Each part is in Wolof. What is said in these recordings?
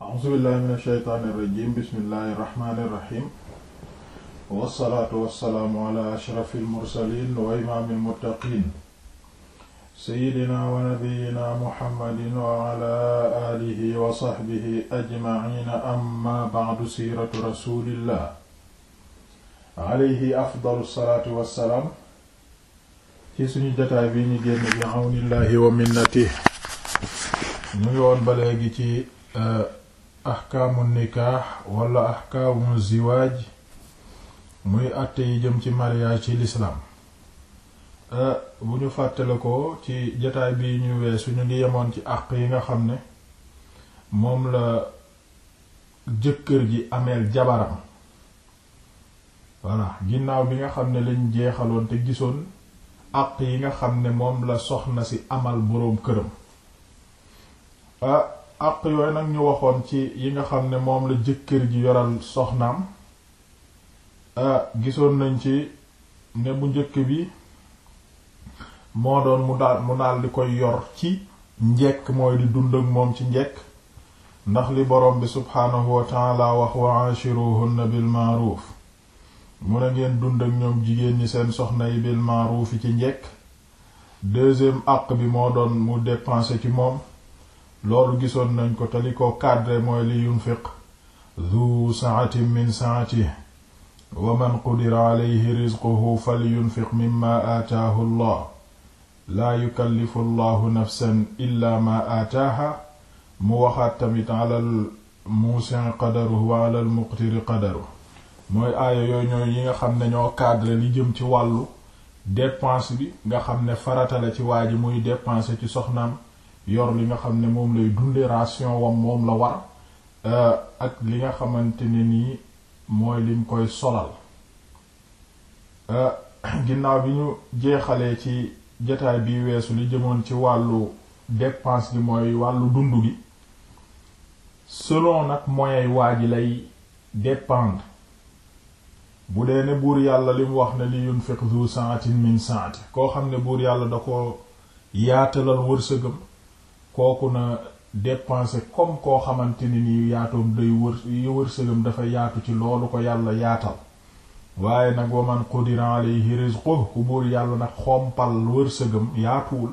a'uuzu billahi min ashaytaani irrajim bismillahi irrahmani irrahim wassalaatu wassalaamu ala ashrafi almursalin wa imaami almuttaqin sayidina wa nabiyina muhammadin wa ala alihi wa sahbihi ajmaciina amma ba'du siiratu rasulillah alayhi afdalu salaatu wassalaam ci suñu jotaay bi ñu génn bi awnillahi wa minnatihi ñu ngi woon ba léegi ci euh, ahkaamu nikaax wala ahkaamu ziwaaj muy àtte yi jëm ci mariage ci lislaam eh, bu ñu fàttale ko ci jataay bi ñu weesu ñu ngi yemoon ci àq yi nga xam ne moom la jëkkër ji ameel jabaram voilà ginnaaw bi nga xam ne lañ jeexaloon te gisoon àq yi nga xam ne moom la soxna si amal boroom këram ah, àq yooyu nag ñu waxoon ci yi nga xam ne moom la jëkkër ji yoral soxnaam ah, gisoon nañ ci ne bu njëkk bi moo doon mu daal mu daal di koy yor ci njekk mooy di dund ak moom ci njekk ndax li borom bi subhaanahu wa ta'ala wax wa ashiruhunna bil ma'ruf mu ne ngeen dund ak ñoom jigéen ñi seen soxna yi bil ma'ruf yi ci njekk deuxième àq bi moo doon mu dépenser ci moom loolu gisoon nañ ko te li ko cadre mooy li yunfiq zu sa'atin min sa'atihi wa man qudira alayhi rizquhu falyunfiq mimma aataahu allah laa yukallifu allahu nafsan illa ma aataaha mu waxaat tamit alal muusin qadaruhu wa alal muqtiri qadaruhu mooy aaya yooyu ñooy yi nga xam ne ñoo cadre li jëm ci wàllu dépense bi nga xam ne farata ci waa ji muy dépenser ci soxnaam yor li nga xam ne moom lay dunde ration wam moom la war euh, ak li nga xamante ni nii mooy lim koy solal euh, ginnaaw bi ñu jeexalee ci jataay bi weesu li jëmoon ci wàllu dépense bi mooy wàllu dund gi selon nag moyens waa ji lay dépendre bu dee ne buur yàlla li mu wax ne li yunfiq zu sa'atin min sa'ati koo xam ne buur yàlla da ko yaatalal wërsëgam kooku na dépenser comme koo xamante ni nii yaatoom day wër wërsëgam dafa yaatu ci loolu ko yàlla yaatal waaye nag waman qudira alayhi rizquhu ku buur yàlla nag xompal wërsëgam yaatuwul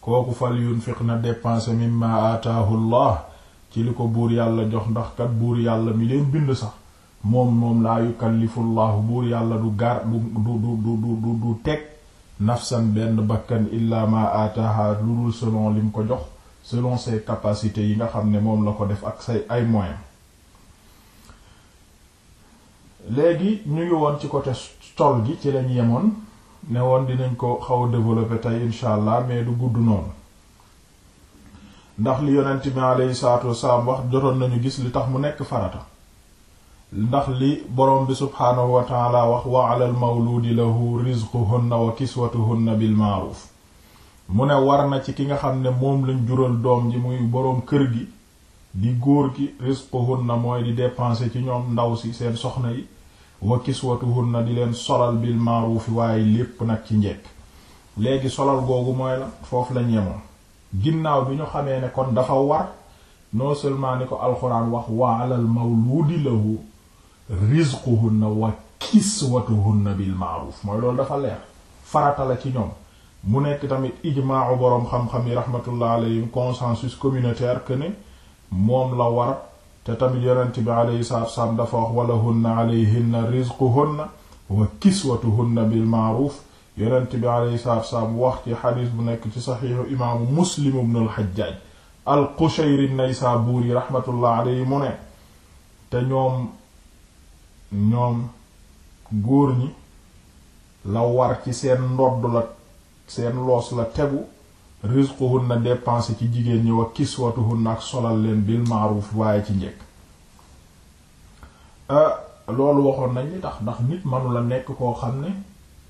kooku fal yunfiq na dépenser mimma ataahu allah ci li ko buur yàlla jox ndax kat buur yàlla mi leen bind sax moom moom laa yukallifu buur yàlla du gar du du du du teg nafsan benn bakkan illaa ma ataaha lu dul selon lim ko jox selon ses capacités yi nga xam ne moom la ko def ak say ay moyens léegi ñu ngi woon ci côté col gi ci lañ yemoon ne woon dinañ ko xaw a développer tey incha allah mais du gudd noonu ndax li yonent bi alayhi salaatu wasalaam wax jotoon nañu gis li tax mu nekk farata ndax li borom bi subhaanahu wa taala wax wa alal mawluudi lahu rizquhunna wa kiswatuhunna bil ma'ruf mu ne war na ci ki nga xam ne moom lañ jural doom ji muy boroom kër gi di góor gi na mooy di dépenser ci ñoom ndaw si seen soxna yi wa na di leen solal bil ma'ruf waaye lépp nag ci njekk léegi solal googu mooy la foofu lañ yemoon ginnaaw bi ñu xamee ne kon dafa war non seulement ni ko alxuraan wax waa alal mawluudi lahu rizquhunna wa na bil ma'ruf mooy loolu dafa leer farata la ci ñoom mu nekk tamit ijmaawu boroom xam-xam yi rahmatullah alayhim consensus communautaire que ne moom la war te tamit yonent bi alayhi salaatu wassalaam dafa wax wala hunna alayhinna rizquhunna wa kiswatuhunna bil ma'ruf yonent bi alayhi salaatu wassalaam wax ci xadiis bu nekk ci saxiixu imaamu muslim ibn al-Hajjaj al-Qushayri an-Naysaburi rahmatullah alayhi mu ne te ñoom ñoom góor ñi la war ci seen ndodd la seen loos la tegu na dépenser ci jigéen ñi wa kiswatuhunna ak solal leen bil ma'ruf waaye ci njekk euh, loolu waxoon nañ li tax ndax nit manu la nekk koo xam ne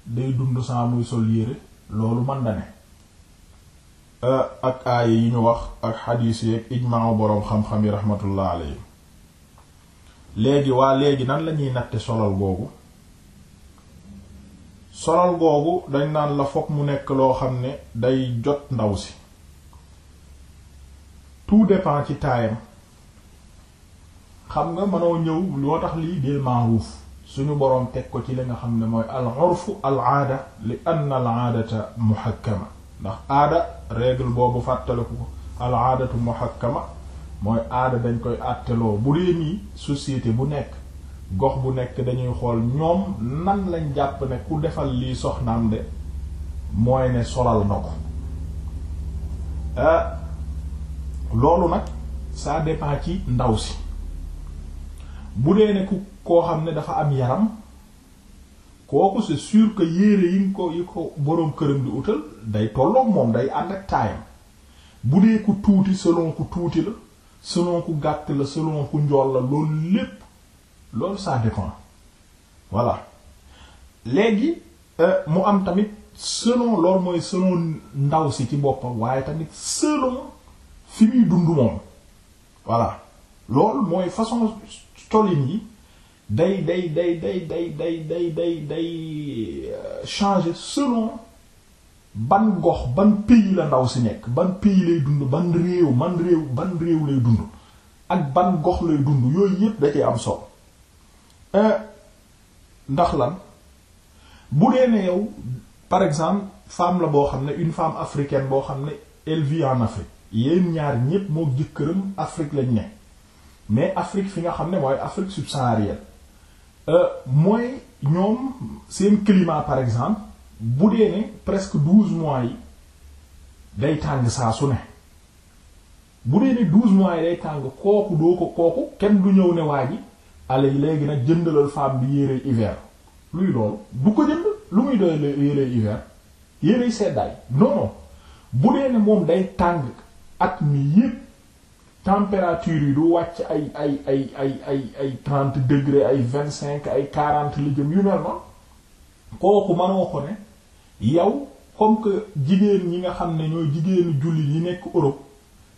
day dundu saa muy sol yére loolu man da ne euh, ak aaya yi ñu wax ak xadiis yeeg ijmaa boroom xam-xam yi rahmatullah alayhi léegi waa léegi nan lañuy natte solal boobu solal googu dañ naan la fokk mu nekk loo xam ne day jot ndaw si tout dépend ci taayam xam nga mënoo ñëw loo tax lii bil ma'ruf suñu boroom teg ko ci li nga xam ne mooy al urfu al aada li anna al aadata muhakkama ndax aada règle boobu fàttaliku ko al aadatu muhakkama mooy aada dañ koy àtteloo bu dee nii société bu nekk gox bu nekk dañuy xool ñoom nan lañ jàpp ne ku defal lii soxnaan de mooy ne solal na ko ah, loolu nag ça dépend ci ndaw si bu dee ne ku koo xam ne dafa am yaram kooku c'est sûr que yére yi nga ko yi ko boroom këram di utal day tolloog moom day ànd ak taayam bu dee ku tuuti selon ku tuuti la selon ku gàtt la selon ku njool la loolu lépp loolu ça dépend voilà léegi euh, mu am tamit selon loolu mooy selon ndaw si ci boppam waaye tamit selon fi muy dund moom voilà loolu mooy façon tolin yi day day day day day day day day day euh, changer selon ban gox ban pays la ndaw si nekk ban pays lay dund ban réew man réew ban réew lay dund ak ban gox lay dund yooyu yépp da cee am solo Euh, ndax lan bu dee ne yow par exemple femme la boo xam ne une femme africaine boo xam ne elle en Afrique yéen ñaar ñépp moo jëkkëram Afrique lañ ne mais Afrique fi nga xam ne mooy Afrique subsaharienne euh, mooy ñoom seen climat par exemple bu dee ne presque douze mois yi day tàng saa su ne bu dee ne douze mois yi day tàng kooku doo ko kooku kenn du ñëw ne waa ale léegi nag jëndalal femme bi yére hiver luy loolu du ko jënd lu muy doy yére hiver yére seddaay non bu dee ne moom day tàng at mi yépp température yi du wàcc ay ay ay ay ay ay trente degré ay vingt cinq ay quarante li jëm yu mel noonu kooku mënoo ko ne yow comme que jigéen ñi nga xam ne ñooy jigéenu jullit yi nekk Europe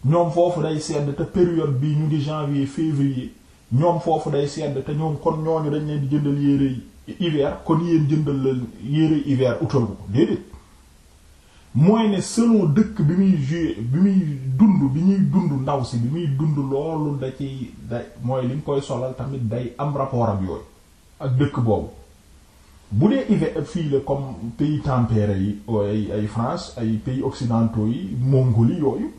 ñoom foofu day sedd te période bi ñu ngi janvier février ñoom foofu day sedd te ñoom kon ñooñu dañ leen di jëndal yére hiver kon yéen jëndal la yére hiver utal bu ko déedéet mooy ne selon dëkk bi muy ju bi muy dund bi ñuy dund ndaw si bi muy dund loolu da ciy da mooy liñ koy solal tamit day am rapport ak yooyu ak dëkk boobu bu dee hiver fii la comme pays tempéré yi ay ay France ay pays occidentaux yi Mongolie yooyu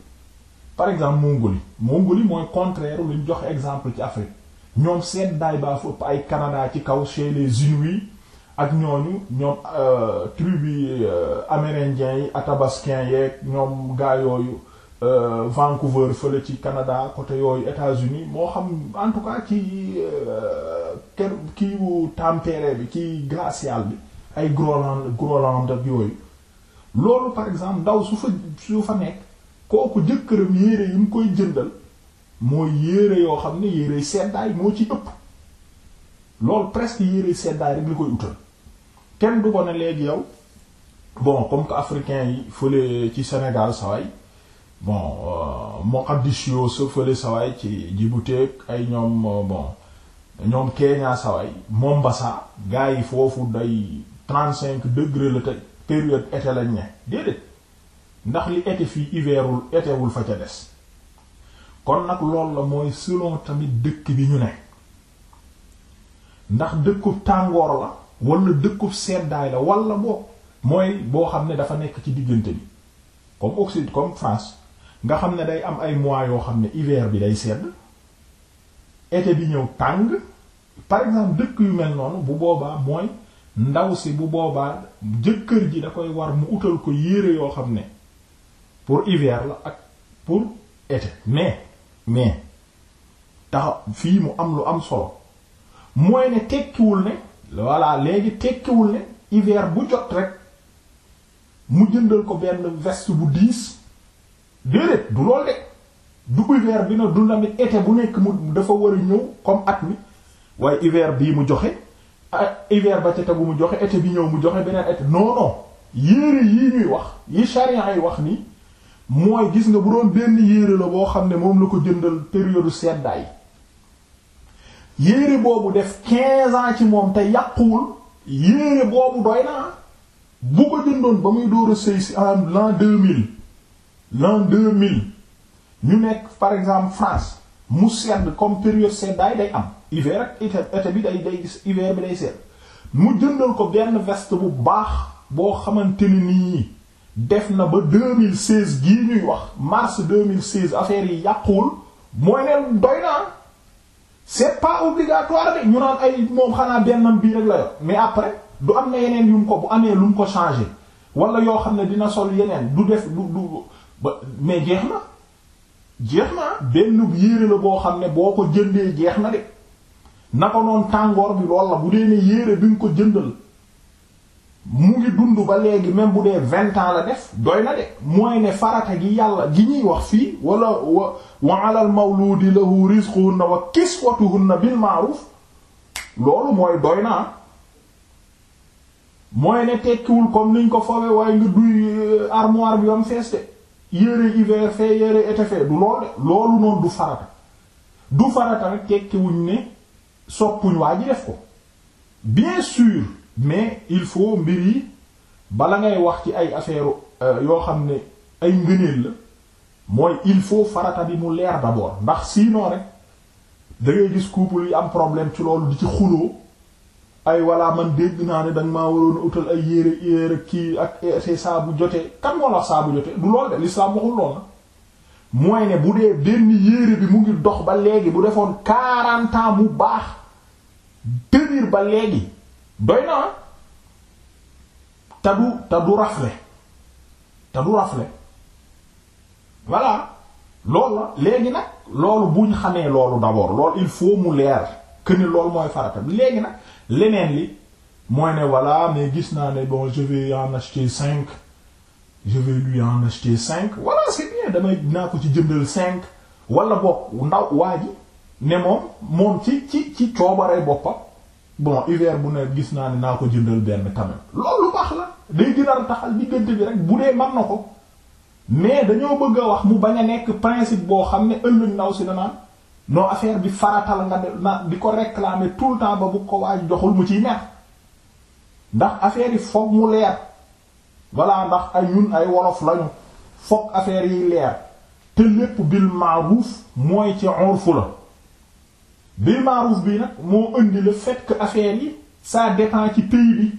par exemple Mongolie Mongolie mooy contraire luñ jox exemple ci Afrique ñoom seddaay baa fa ay Canada ci kaw chez les Inuits ak ñooñu ñoom euh, tribu euh, amérindiens yi atabaskin yeeg ñoom gaa yooyu euh, Vancouver fële ci Canada côté yooyu États-Unis moo xam en tout cas ci ker kiiwu tempéré bi ci glacial bi ay Groenland Groenland ak yooyu loolu par exemple ndaw su fa su fa nekk kooku jëkkëram yére yi mu koy jëndal mooy yére yoo xam ne yére seddaay moo ci ëpp loolu presque yére seddaay rek li koy utal kenn du ko ne léegi yow bon comme que africain yi fële ci Sénégal saway bon euh, Mogadiscio sa fële saway ci Djibouti ay ñoom euh, bon ñoom Kenya saway Mombasa gars yi foofu day trente-cinq degré la tey période été lañ ne déedéet ndax li été fii hiverul étéwul fa ca des kon nag loolu la mooy selon tamit dëkk bi ñu ne ndax dëkkub tàngoor la wala dëkkub seddaay la wala boo mooy boo xam ne dafa nekk ci diggante bi comme Occident comme France nga xam ne day am ay mois yoo xam ne hiver bi day sedd été bi ñëw tàng par exemple dëkk yu mel noonu bu boobaa mooy ndaw si bu boobaa jëkkër ji da koy war mu utal ko yére yoo xam ne pour hiver la ak pour été mais mais tax fii mu am lu am solo mooy ne tekkiwul ne voilà léegi tekkiwul ne hiver bu jot rek mu jëndal ko benn vest bu diis déedéet du lool de du hiver bi na du tamit été bu nekk mu dafa war a ñëw comme at mi waaye hiver bii mu joxe ah, hiver ba ca bu mu joxe été bi ñëw mu joxe beneen été non non yii ñuy wax yi charia yi wax nii mooy gis nga bu doon benn yéere la boo xam ne moom la ko jëndal période seddaay yéere boobu def 15 ans ci moom te yàquwul yéere boobu doy naa bu ko jëndoon ba muy door a sëy si en l'an 2000 l'an 2000 ñu nekk par exemple France mu sedd comme période seddaay day am hiver ak été bi day day hiver bi day sedd mu jëndal ko benn veste bu baax boo xamante ni nii. def na ba 2016 gii ñuy wax mars 2016 affaire yi yàquwul mooy neen doy naa c'est pas obligatoire de ñu naan ay moom xanaa bennam biir rek la yor mais après du am na yeneen yu mu ko bu amee lu mu ko changer wala yoo xam ne dina sol yeneen du def du du ba mais jeex na jeex na benn yére la boo xam ne boo ko jëndee jeex na de naka noon tàngoor bi lool la bu dee ne yére bi nga ko jëndal mu ngi dund ba léegi même bu dee vingt ans la def doy na de mooy ne farata gi yàlla gi ñuy wax fii walla wa wa alal mawludi lahu rizquhunna wa kiswatuhunna bil ma'ruf loolu mooy doy na mooy ne tekkiwul comme niñ ko foowe waaye nga duy euh, armoire bi am fees de yére hiver fee yére été fee du loolu de loolu noonu du farata du farata rek tekkiwuñ ne soppuñ waa ji def ko bien sûr mais il faut mbir yi bala ngay wax ci ay affaire euh, yoo xam ne ay ngëneel la mooy il faut farata bi mu leer d'abord ndax sinon rek dangay gis couple yi am problème ci loolu di ci xuloo ay walla man dégg naa ne danga maa waroon a utal ay yére yére kii ak sa saabu jotee kan moo la saabu jotee du lool de l'islam waxul lool na ah. mooy ne bu dee benn yére bi mu ngi dox ba léegi bu defoon quarante ans mu baax tenir ba léegi doy na ah. te du te du rafle te du rafle voilà loolu la léegi nag loolu bu ñu xamee loolu d'abord loolu il faut mu leer que ni loolu mooy farata bi léegi nag leneen li mooy ne voilà mais gis naa ne bon je vais en acheter cinq je vais en acheter cinq voilà c'est bien damay naa ko ci jëndal cinq wala bopp ndaw waa ji ne moom moom ci ci ci coobaree boppam bon hiver bu ne gis naa ne naa ko jëndal benn tamit loolu lu baax la day gënal taxal diggante bi rek bu dee man na ko mais dañoo bëgg a wax mu bañ a nekk principe boo xam ne ëllëg ndaw si danaan non affaire bi faratal nga di ko réclamer tout le temps ba bu ko waaj joxul mu ci neex ndax affaire yi foog mu leer voilà ndax ay ñun ay wolof lañu foog affaire yi leer te lépp bil ma'ruf mooy ci urfu la bil ma'ruf bi nag moo indi fekk fait affaire yi ça dépend ci pays bi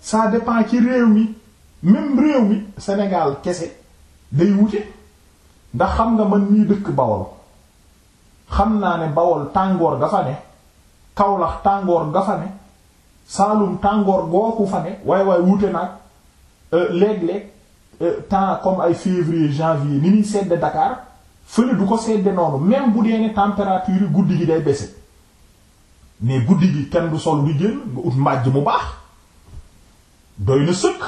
ça dépend ci réew mi même réew mi Sénégal kese day wute ndax xam nga man mii dëkk Bawol xam naa ne Bawol tàngoor ga fa ne Kaolack tàngoor ga fa ne Saalum tàngoor gooku fa ne waaye waaye wute nag euh, léeg-léeg euh, temps comme ay février janvier ni muy sedd Dakar fële du ko sedde noonu même bu dee ne température yi guddi gi day baisse mais guddi gi kenn du sol du génn nga ut mbàjj mu baax doy na sëkk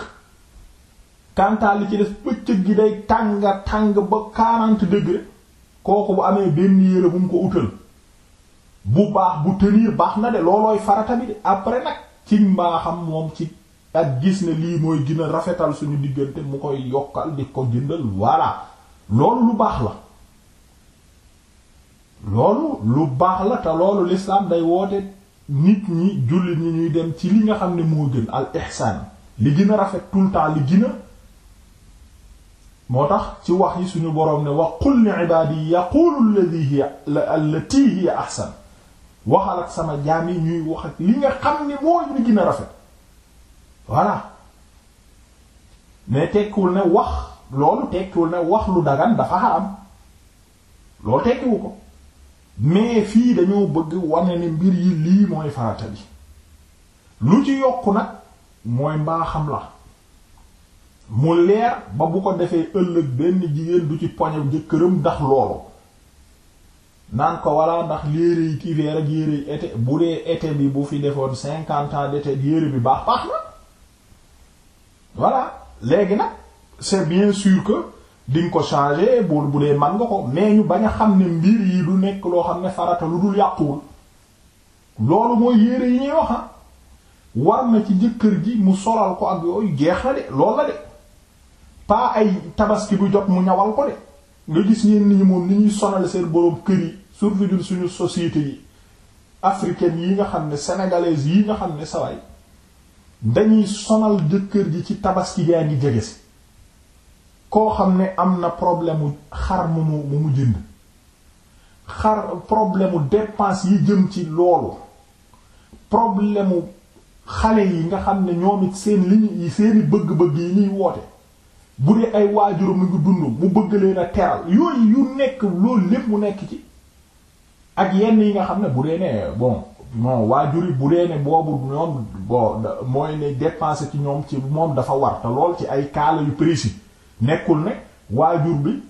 kantaal li ci def bëccëg gi day tàng tàng ba 40 degré kooku bu amee benn yére bu mu ko utal bu baax bu tenir baax na de loolooy farata bi de après nag ci mbaaxam moom ci ak gis ne lii mooy gën a rafetal suñu diggante mu koy yokkal di ko jëndal voilà loolu lu baax la loolu lu baax la te loolu l'islam day woote nit ñi jullit ñi ñuy dem ci li nga xam ne moo gën al ihsaan li gën a rafet tout temps li gën a moo tax ci wax yi suñu boroom ne wa qul li ibaadi yaqulu allati allati hiya ahsan waxal sama jaam yi ñuy wax ak li nga xam ne moo li gën a rafet voilà mais tekkiwul ne wax loolu tekkiwul ne wax lu dagan dafa xaram loolu tekkiwu ko mais fii dañoo bëgg wane ni mbir yi lii mooy farata bi lu ci yokk nag mooy mbaaxam la mu leer ba bu ko defee ëllëg benn jigéen du ci poñe jëkkëram ndax loolu naan ko walla ndax yére yi hiver ak yére yi été bu dee été bi bu fi defoon cinquante ans d'été yére bi baax baax na voilà léegi nag c'est bien sûr que di ko changer bu bu dee man nga ko mais ñu bañ a xam ne mbir yi du nekk loo xam ne farata lu dul yàquwul loolu mooy yére yi ñuy wax ah. war na ci jëkkër ji mu solal ko ak yooyu jeex na de loolu la de pas ay tabaski bu jot mu ñawal ko de nga gis ñeen moom ni ñuy sonal seen boroom kër yi surtout suñu société yi africaine yi nga xam ne sénégalaise yi nga xam ne sawaay dañuy sonal jëkkër ji ci tabaski gaa ngi jege si koo xam ne am na problème mu xar mu mu mu jënd xar problème mu dépense yi jëm ci loolu problème mu xale yi nga xam ne ñoom it seen li seeni bëgg-bëgg yi ñuy woote bu dee ay waajur mu ngi dund mu bëgg leen a teral yooyu yu nekk loolu lépp mu nekk ci ak yenn yi nga xam ne bu dee ne bon non waajur yi bu dee ne boobu ñoom bon mooy ne dépenser ci ñoom ci moom dafa war te lool ci ay kaala yu précis nekkul ne waajur bi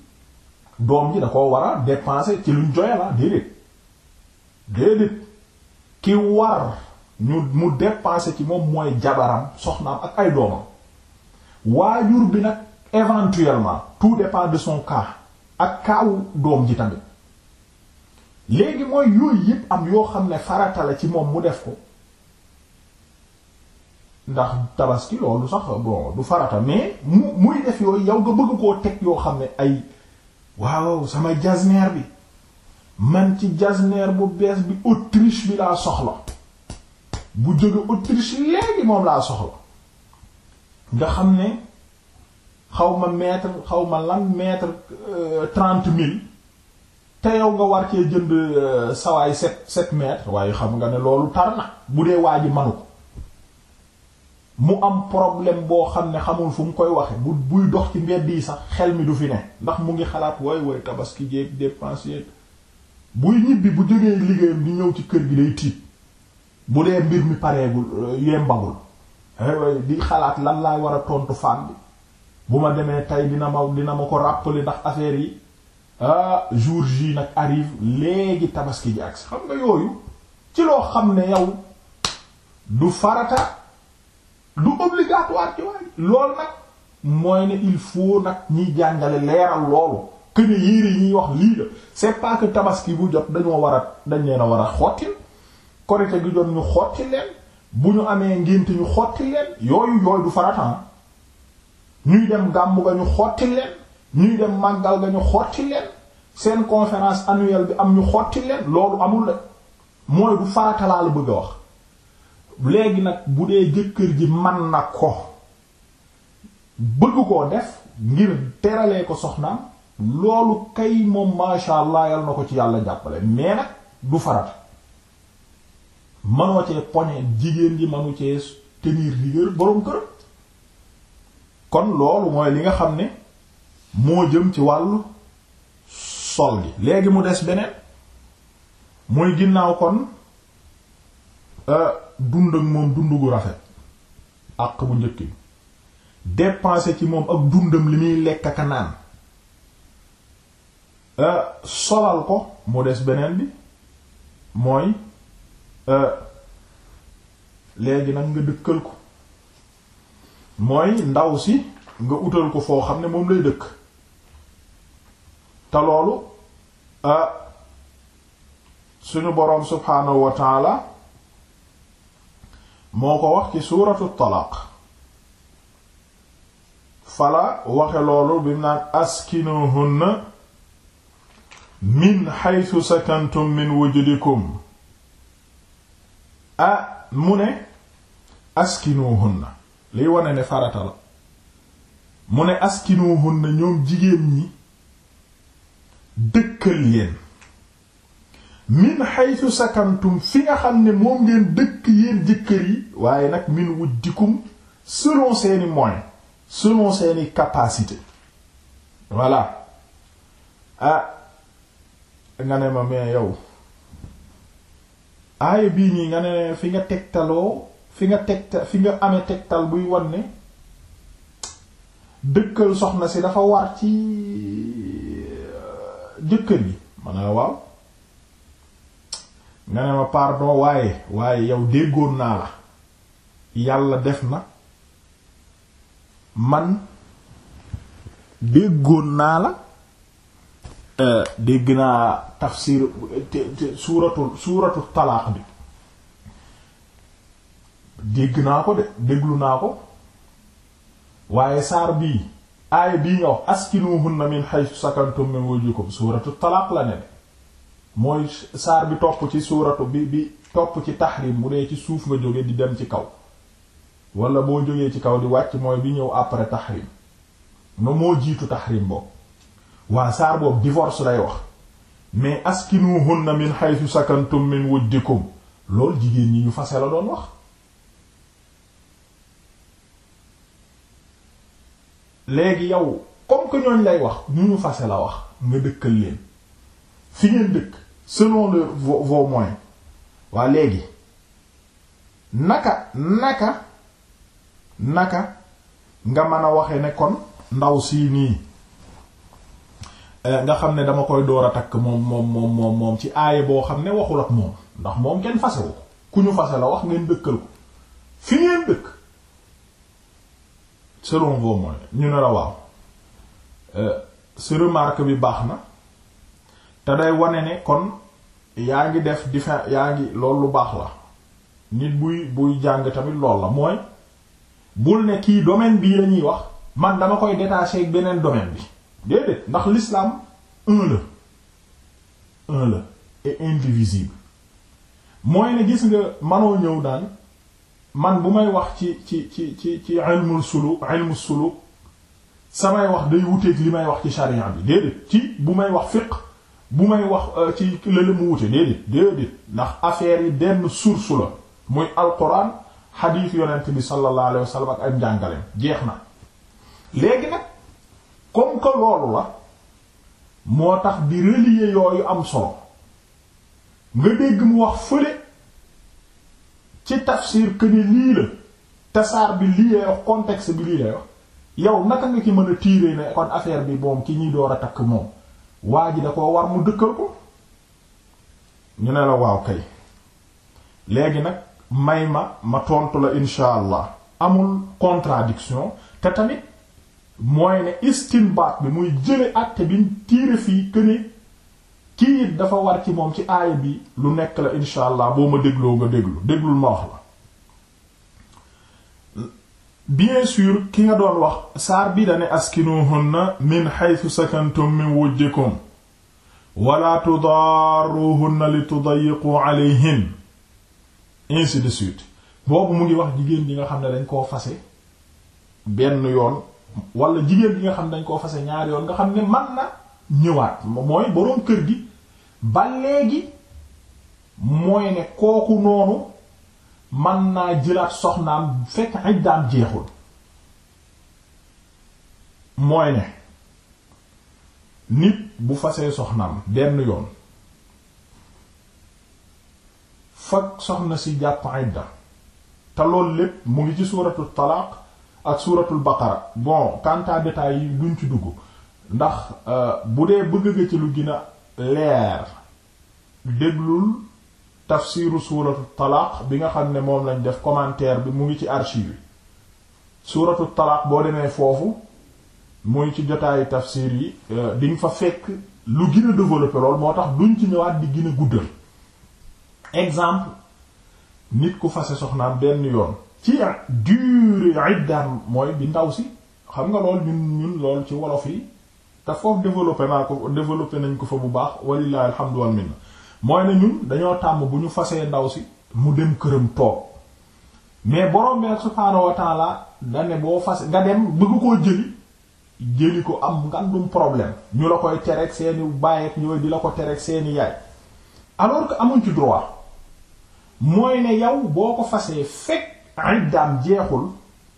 doom ji da koo war a dépenser ci luñ joye la déedéet déedéet ki war ñu mu dépenser ci moom mooy jabaram soxna ak ay doomam waajur bi nag éventuellement tout dépend de son cas ak kaawu doom ji tamit léegi mooy yooyu yëpp am yoo xam ne farata ci moom mu def ko ndax tabaski loolu sax bon du farata mais mu muy def yooyu yow nga bëgg koo teg yoo xam ne ay waaw sama jasneer bi man ci jasneer bu bees bi Autriche bi laa soxla bu jóge Autriche léegi moom laa soxla nga xam ne xaw ma mètre xaw ma lan mètre euh, trente mille te yow nga war cee jënd euh, sawaay sept sept mètres waaye xam nga ne loolu tar na bu dee waa ji manu ko mu am problème boo xam ne xamul fu mu koy waxe bu buy dox ci mbedd yi sax xel mi du fi ne ndax mu ngi xalaat wooy wooy tabaski jéeg dépense buy ñibbi bu jógee liggéeyam di ñëw ci kër gi day tiit bu dee mbir mi pareegul euh, yembagul eh, di xalaat lan laa war a tontu fànn bu ma demee tey dina ma dina ma ko rappeler ndax affaire yi ah jour ji nag arrive léegi tabaski ji ak xam nga yooyu ci loo xam ne yow du farata du obligatoire ci waaye loolu nag mooy ne il faut nag ñiy jàngale leeral loolu que ne yi ñuy wax lii la c'est pas tabaski bu jot dañoo war a dañ leen a war a xottil korite gi jot ñu xotti leen bu ñu amee ngént ñu xotti leen yooyu yooyu du farata ah. ñuy dem gàmmu ga ñu xotti leen ñuy dem màggal ga ñu xotti leen seen conférence annuelle bi am ñu xotti leen loolu amul la mooy du farata laa la bëgg a wax léegi nag bu dee jëkkër ji man na ko bëgg koo def ngir teralee ko soxnaam loolu kay moom masha allah yal na ko ci yàlla jàppale mais nag du farata manoo cee poñe jigéen ji manu cee tenir rigueur boroom kër kon loolu mooy li nga xam ni moo jëm ci wàllu sol gi léegi mu des beneen muy ginnaaw kon euh, dund ak moom dund gu rafet àq bu njëkk bi dépenser ci moom ak dundam li muy lekk ak naan euh, solal ko mu des beneen bi mooy euh, léegi nag nga dëkkal ko mooy ndaw si nga utal ko foo xam ne moom lay dëkk te loolu euh, suñu boroom subhaanahu wa taala moo ko wax ci suuratu talaaq fala waxe loolu bi mu naan askinuhunna min haythu sakantum min wujudikum a mu ne askinuhunna liy wane ne farata la mu ne askinuhunna ñoom jigéen ñi dëkkal leen min haythu sakantum fi nga xam ne moo ngeen dëkk yéen jëkkër yi waaye nag min wujdikum selon seeni moyens selon seeni capacité voilà ah nga ne ma mais yow aaya bii nii nga ne fi nga tegtaloo fi nga tegtal fi nga amee tegtal buy wan ne dëkkal soxna si dafa war ci euh, jëkkër yi ma ne waaw nga ne ma pardon waaye waaye yow déggoon naa la yàlla def na man déggoon naa la euh, dégg naa tafsir suuratul suuratul talaaq bi dégg naa ko de déglu naa ko waaye saar bii aaya bii nga wax askinuhunna min haythu sakantum min wujukum suuratul talaaq la ne mooy saar bi topp ci suuratu bi bi topp ci tahrim bu dee ci suuf nga jóge di dem ci kaw wala boo jógee ci kaw di wàcc mooy bi ñëw après tahrim no moo jiitu tahrim boobu waa saar boobu divorce lay wax mais askinuhunna min haythu sakantum min wujdikum loolu jigéen ñi ñu fase la doon wax léegi yow comme que ñooñ lay wax ñu ñu fase la wax nga dëkkal leen fi ngeen dëkk selon le vos, vos moyens waa léegi naka naka naka nga mën a waxe ne kon ndaw sii nii eh, nga xam ne dama koy door a takk moom moom moom moom ci aaya boo xam ne waxul ak moom ndax moom kenn fase wu ku ñu fase la wax ngeen dëkkal ko fi ngeen dëkk selon vos moyens ñu ne la waaw eh, si remarque bi baax na te day wane ne kon yaa ngi def diffé yaa ngi loolu lu baax la nit buy buy jàng tamit lool la mooy bul ne kii domaine bii la ñuy wax man dama koy détacher ak beneen domaine bi déedéet ndax l'islam un la indivisible mooy ne gis nga manoo ñëw daan man bu may wax ci ci ci ci ci ilmul suluk ilmul suluk samay wax day wuteeg li may wax ci sharia bi déedéet ci bu may wax fiqh bu may wax euh, ci lële mu wute déedéet déedéet ndax affaire yi benn source la muy alquran xadiis yonent bi sallallahu alayhi wa sallam ak ay njàngaleem jeex na léegi nag comme que loolu la moo tax di relier yooyu am solo nga dégg mu wax fële ci tafsir que ni lii la tasaar bi lii lay wax contexte bi lii lay wax yow naka nga ci mën a tirer ne kon affaire bi moom ki ñuy door a takk moom waa ji da koo war mu dëkkal ko ñu ne la waaw kay léegi nag may ma ma tontu la insha amul contradiction te tamit mooy ne istinbaat bi muy jële àtte biñ tiire fii këne kii dafa war ci moom ci aaya bi lu nekk la insha boo ma dégloo nga déglu déglul ma wax la bien sûr ki nga doon wax saar bi dane askinuhunna min haythu sakantum min wujdikum wala tudaruhunna li tudayiqu alayhin ainsi de suite boobu mu ngi wax jigéen ji nga xam ne dañ koo fase benn yoon wala jigéen ji nga xam ne dañ koo fase ñaari yoon nga xam ne man na ñëwaat mooy boroom kër gi ba léegi mooy ne kooku noonu man naa jëlaat soxnaam fekk iddaam jeexul mooy ne nit bu fasee soxnaam benn yoon fag soxna si jàpp idda te loolu lépp mu ngi ci suuratul talaaq ak suuratul baqara bon quant détails yi duñ ci dugg ndax euh, bu dee bëgg nga ci lu leer déglul tafsiru suuratu talaaq bi nga xam ne moom lañ def commentaire bi mu ngi ci archive yi suuratu talaaq boo demee foofu muy ci jotaayu tafsir yi euh, di nga fa fekk lu gën a lool moo tax duñ ci ñëwaat di gën a guddal exemple nit ku fase soxnaam benn yoon ci durée iddaam mooy bi ndaw si xam nga lool ñun ñun lool ci wolof yi te foofu développé naa ko développé nañ ko fa bu baax walillahi alhamdu wal minna mooy ne ñun dañoo tàmm bu ñu fasee ndaw si mu dem këram toog mais borom bi nag subhaanahu wa taala da ne boo fase nga dem bëgg koo jëli jëli ko am ngandum problème ñu la koy tereg seeni baay ak ñooy di la ko tereg seeni yaay alors que amuñ ci droit mooy ne yow boo ko fasee fekk iddaam jeexul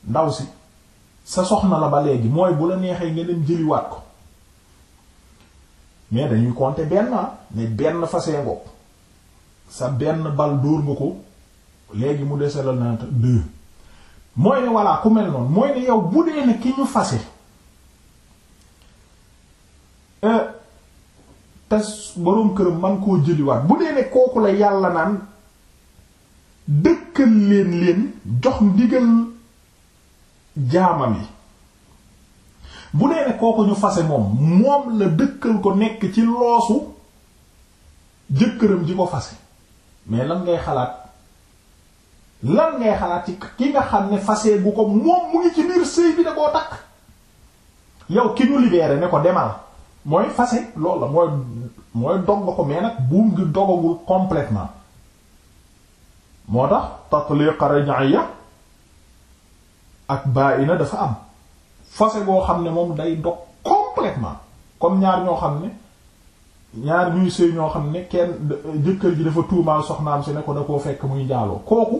ndaw si sa soxna la ba léegi mooy bu la neexee nga dem jëliwaat ko mais dañuy compter benn ah, mais benn fasee ngoog sa benn bal dóor nga ko léegi mu dese la naan deux mooy ne voilà ku mel noonu mooy ne yow bu dee ne ki ñu fase euh, tas boroom këram man koo jëliwaat bu dee ne kooku la yàlla naan dëkkal leen leen jox ndigal jaamam yi bu nee ne kooku ñu fase moom moom la dëkkal ko nekk ci loosu jëkkëram ji ko fase mais lan ngay xalaat lan ngay xalaat ci ki nga xam ne fase bu ko moom mu ngi ci biir sëy bi da koo takk yow ki ñu libéré ne ko demal mooy fase loolu la mooy mooy dog nga ko mais nag buum gi dogagul complètement moo tax tatliq raj'iyya ak ba'ina dafa am fose goo xam ne moom day dog complètement kon ñaar ñoo xam ne ñaar ñuy sëy ñoo xam ne kenn jëkkër ji dafa tuumaal soxnaan si ne ko da koo fekk muy jaaloo kooku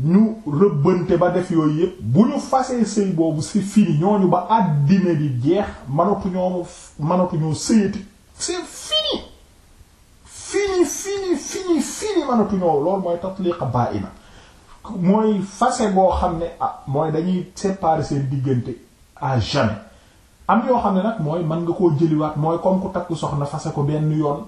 ñu rëbbante ba def yooyu yëpp bu ñu fasee sëy boobu si fini ñooñu ba àddina di jeex manatuñoo manatuñoo sëyati c'est fini fini fini fini fini manatuñoo loolu mooy tatliqa baa ina mooy fase boo xam ne ah mooy dañuy séparer seen diggante à jamais am yoo xam ne nag mooy mën nga koo jëliwaat mooy comme ku takk soxna fase ko benn yoon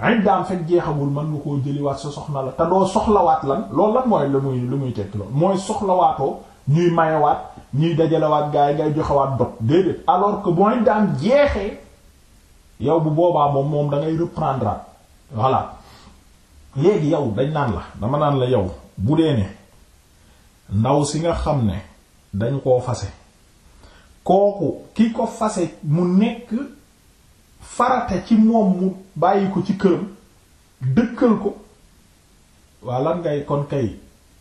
ay daam fekk jeexagul man nga koo jëliwaat sa soxna la te doo soxlawaat lan lool lan mooy lu muy lu muy tekki lool mooy soxlawaatoo ñuy mayewaat ñuy dajalewaat gaa yi ngay joxewaat dot déedéet alors que mooy daam jeexee yow bu boobaa moom moom dangay ngay reprendre voilà léegi yow dañ naan la yow ndaw si nga xam ne dañu koo fase kooku ki ko fase mu nekk farata ci moom mu bàyyi ko ci këram dëkkal ko waa lan ngay kon kay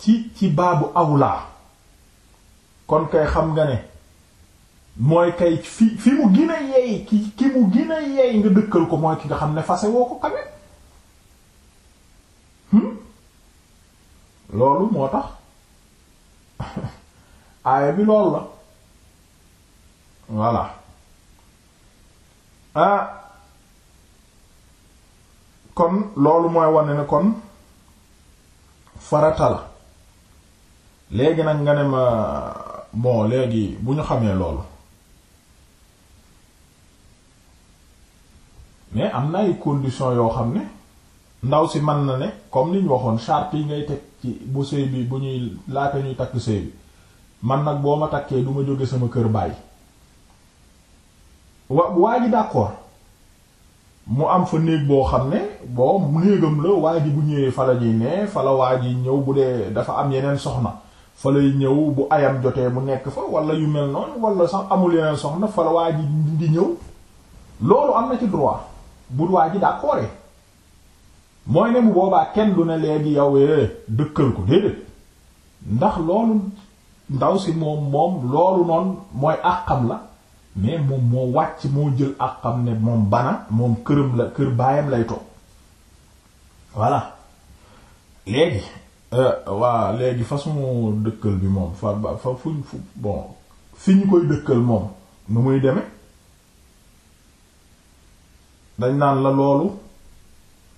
ci ci baabu awlaa kon kay xam nga ne mooy kay fi fi mu gën a yeey ki mu gën yeey nga dëkkal ko mooy ki nga xam ne fase woo ko quand hmm? loolu moo tax aaya bi lool la voilà ah kon loolu mooy wane ne kon farata la léegi nag nga ne ma bon léegi bu ñu xamee loolu mais am na ay yoo xam ne ndaw si man na ne comme niñ waxoon charte yi ngay teg ci bu sëy bi bu ñuy laata ñuy takk sëy bi man nag boo ma takkee du ma jóge sama kër bàyyi wa waa ji d'accord mu am fa néeg boo xam ne boo néegam la waa ji bu ñëwee fala ji ne fala waa ñëw bu dee dafa am yeneen soxna falo falay ñëw bu ayam jotee mu nekk fa wala yu mel noonu wala sax amul yeneen soxna falo waa ji di ñëw loolu am na ci droit bu waa ji d'accordé mooy ne boobaa kenn du ne léegi yow eh, dëkkal ko déedéet ndax loolu ndaw si moom moom loolu noonu mooy àqam la mais moom moo wàcc moo jël àqam ne moom bana moom këram la kër baayam lay toog voilà léegi euh, waa léegi façon dëkkal bi moom fa fa fuñ fu bon fi ñu koy dëkkal moom nu muy deme dañ naan la loolu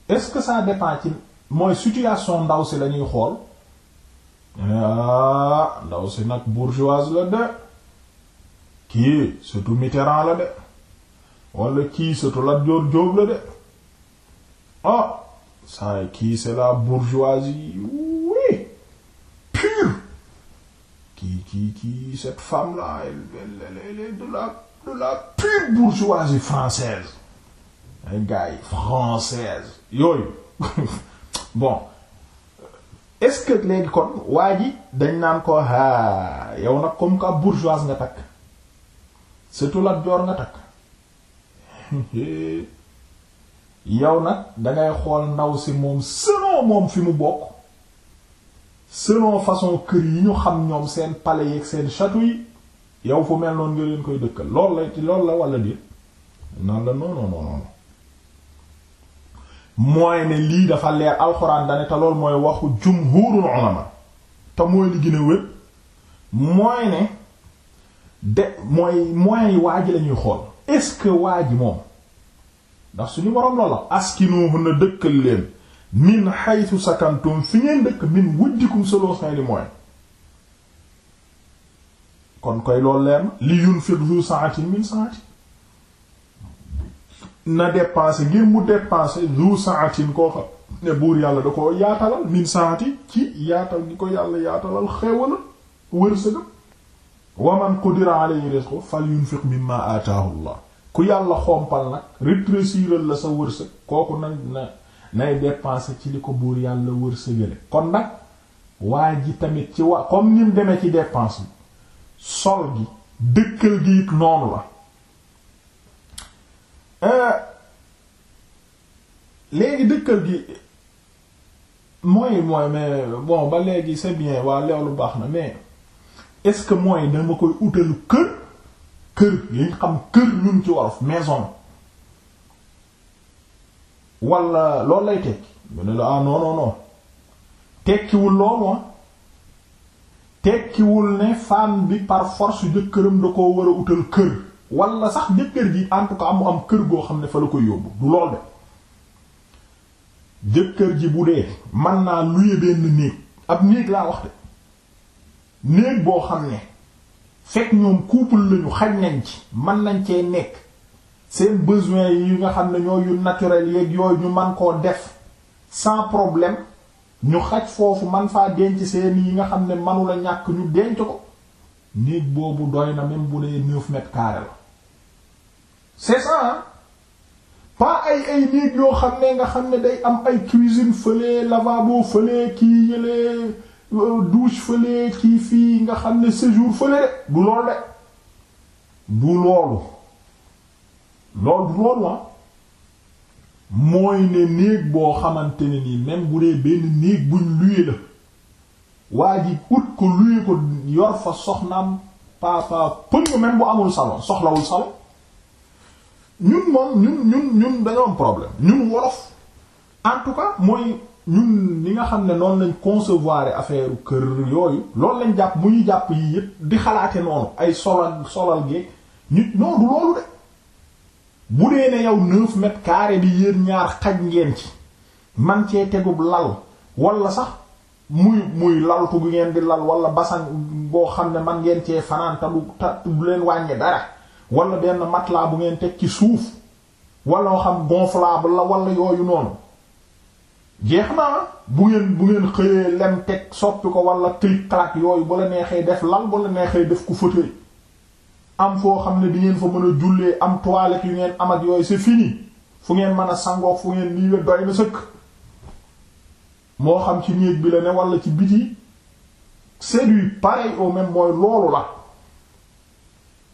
est-ce que ça dépend ci mooy situation ndaw si lañuy xool ah ndaw si nag bourgeoise la de kii surtout Mitterrand la de wala kii surtout la de ah ça kii c'est la bourgeoisie oui pure kii kii kii cette femme là elle elle de la de la pure bourgeoisie française ay gars yi française yooyu bon est-ce que léegi kon waa ji dañ naan ko haa yow nag comme que bourgeoise nga takk surtout la joor nga takk yow nag dangay xool ndaw si moom selon moom fi mu bokk selon façon kër yi ñu xam ñoom seen pale yi ak seen château yi yow fu mel noonu nga leen koy dëkkal lool la lool la walla di naan la non non mooy lii dafa leer alxuraan dane te lool mooy waxu jumhurul ulama te mooy li gën a wér mooy de mooy moyens yi waa ji lañuy xool est-ce que waa ji moom ndax suñu boroom loolu askinuhu na dëkkal leen min haythu sakantum fi ngeen dëkk min wujdikum selon seen li mooy kon koy loolu leer na li yunfiq zu sa'atin min sa'ati na dépenser ngir mu dépenser zu saatin koo xam buur yàlla da ko yaatalal min saati ci yaatal gi ko yàlla yaatalal xewala wërsëgam wa man qudira alayhi rizqu falyunfiq mimma ataahu llah ku yàlla xompal nag rétréciral la sa wërsëg kooku nag na nay dépenser ci li ko buur yàlla wërsëgale kon nag waa ji tamit ci wa comme ni mu ci dépense bi sol gi dëkkal gi it noonu la Euh, léegi dëkkal gi mooy mooy mais bon ba léegi c'est bien waa leewlu baax na mais est-ce que mooy dama koy utalu kër kër liñ xam kër ñun ci wolof maison wala loolu lay tekki mu la ah non non tekkiwul loolu ah. tekkiwul ne femme bi par force jëkkëram da koo war a utal kër wala sax jëkkër ji en tout cas mu am kër goo xam ne fa la koy yóbbu du lool de jëkkër ji bu dee man naa luye benn néeg ab néeg laa wax de néeg boo xam ne fekk ñoom couple lañu xaj nañ ci man nañ cee nekk seen besoin yi nga xam ne ñoo yu naturel yeeg yooyu ñu man koo def sans problème ñu xaj foofu man faa denc seen yi nga xam ne manula ñàkk ñu denc ko néeg boobu doy na même bu dee neuf mètres carrés la c'est ça hein pas ay ay néeg yoo xam ne nga xam ne day am ay cuisine fële lavabo fële kii yële euh, douche fële kii fii nga xam ne séjour fële de du loolu de du loolu loolu du loolu mooy ne néeg boo xamante ne nii même bu dee benn néeg buñ luye la waa ji ut ko luye ko yor fa soxnaam papa pëng même bu amul salon soxlawul salon ñun moom ñun ñun ñun dañoo problème ñun wolof en tout cas mooy ñun li nga xam ne noonu lañ concevoir affaire kër yooyu loolu lañ jàpp mu ñu jàpp yii yëpp di xalaate noonu ay solal solal gi nit non du loolu de bu dee ne yow neuf mètres carrés bi yéen ñaar xaj ngeen ci man cee tegub lal wala sax muy muy laltu gi ngeen di lal wala basan boo xam ne man ngeen cee fanaan ta du leen wàññi dara wala benn matelas bu ngeen teg ci suuf wala nga xam gonflable la wala yooyu noonu jeex naa ah. bu ngeen bu ngeen xëyee lem teg soppi ko wala tëj claque yooyu bu neexee def lal bu neexee def ku fauteuil am foo xam ne di ngeen fa mën a jullee am toilette yu ngeen am ak yooyu c'est fu ngeen mën a sangoo fu ngeen lii doy na sëkk moo xam ci néeg bi la ne wala ci biti c'est du pareil au même mooy loolu la.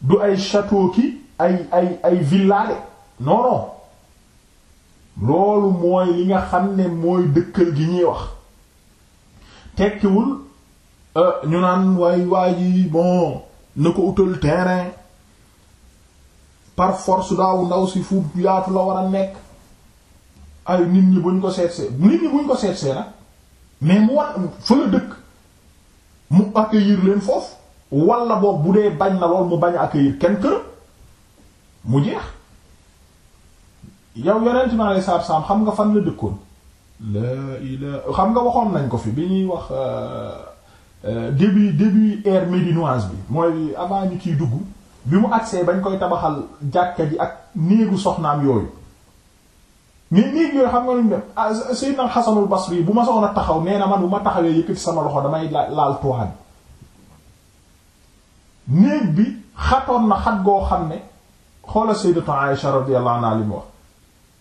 du ay château ki ay ay ay villale non non loolu mooy li nga xam ne mooy dëkkal gi ñuy wax tekkiwul euh, ñu naan waay waay yi bon na ko utal terrain par force daaw ndaw si fu yaatu la war a nekk ay nit ñi buñ ko seetsee nit nag mais mu war fa la dëkk mu accueillir leen foofu wala boog bu dee bañ na lool mu bañ a accueillir kenn kër mu jeex yow yonent mi alayhi salaatu salaam xam nga fan la dëkkoon la ila xam nga waxoon nañ ko fi bi ñuy wax euh, euh, début début ère médinoise bi mooy avant ñu ciy dugg bi mu agsee bañ koy tabaxal jàkka ji ak néegu soxnaam yooyu ni néeg yooyu xam nga luñ def ah, Sayyidna Hasanul Basri bu ma soxna taxaw nee na man bu ma taxawee yëkkati sama loxo damay laal toit bi néeg bi xatoon na xat goo xam ne xoola sayyidatu Aisha radiyallahu anha li mu wax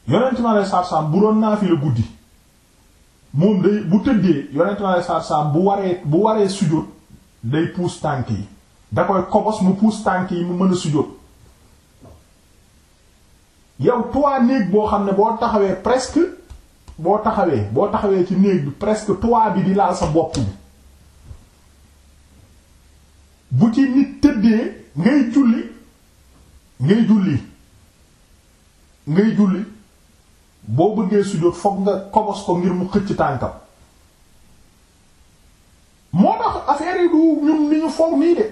yonent mi alayhi salaatu salaam bu doon naafila guddi moom day bu tëddee yonent mi alayhi salaatu salaam bu waree bu waree sujjóot day puus tànk yi da koy kobos mu puus tànk yi mu mën a sujjóot yow trois néeg boo xam ne boo taxawee presque boo taxawee boo taxawee ci néeg bi presque trois bi di laal sa bopp bi bu ci nit tëddee ngay julli ngay julli ngay julli boo bëggee sujjóot fokk nga kobos ko ngir mu xëcc tànkam moo tax affaire du ñun ni ñu foog nii de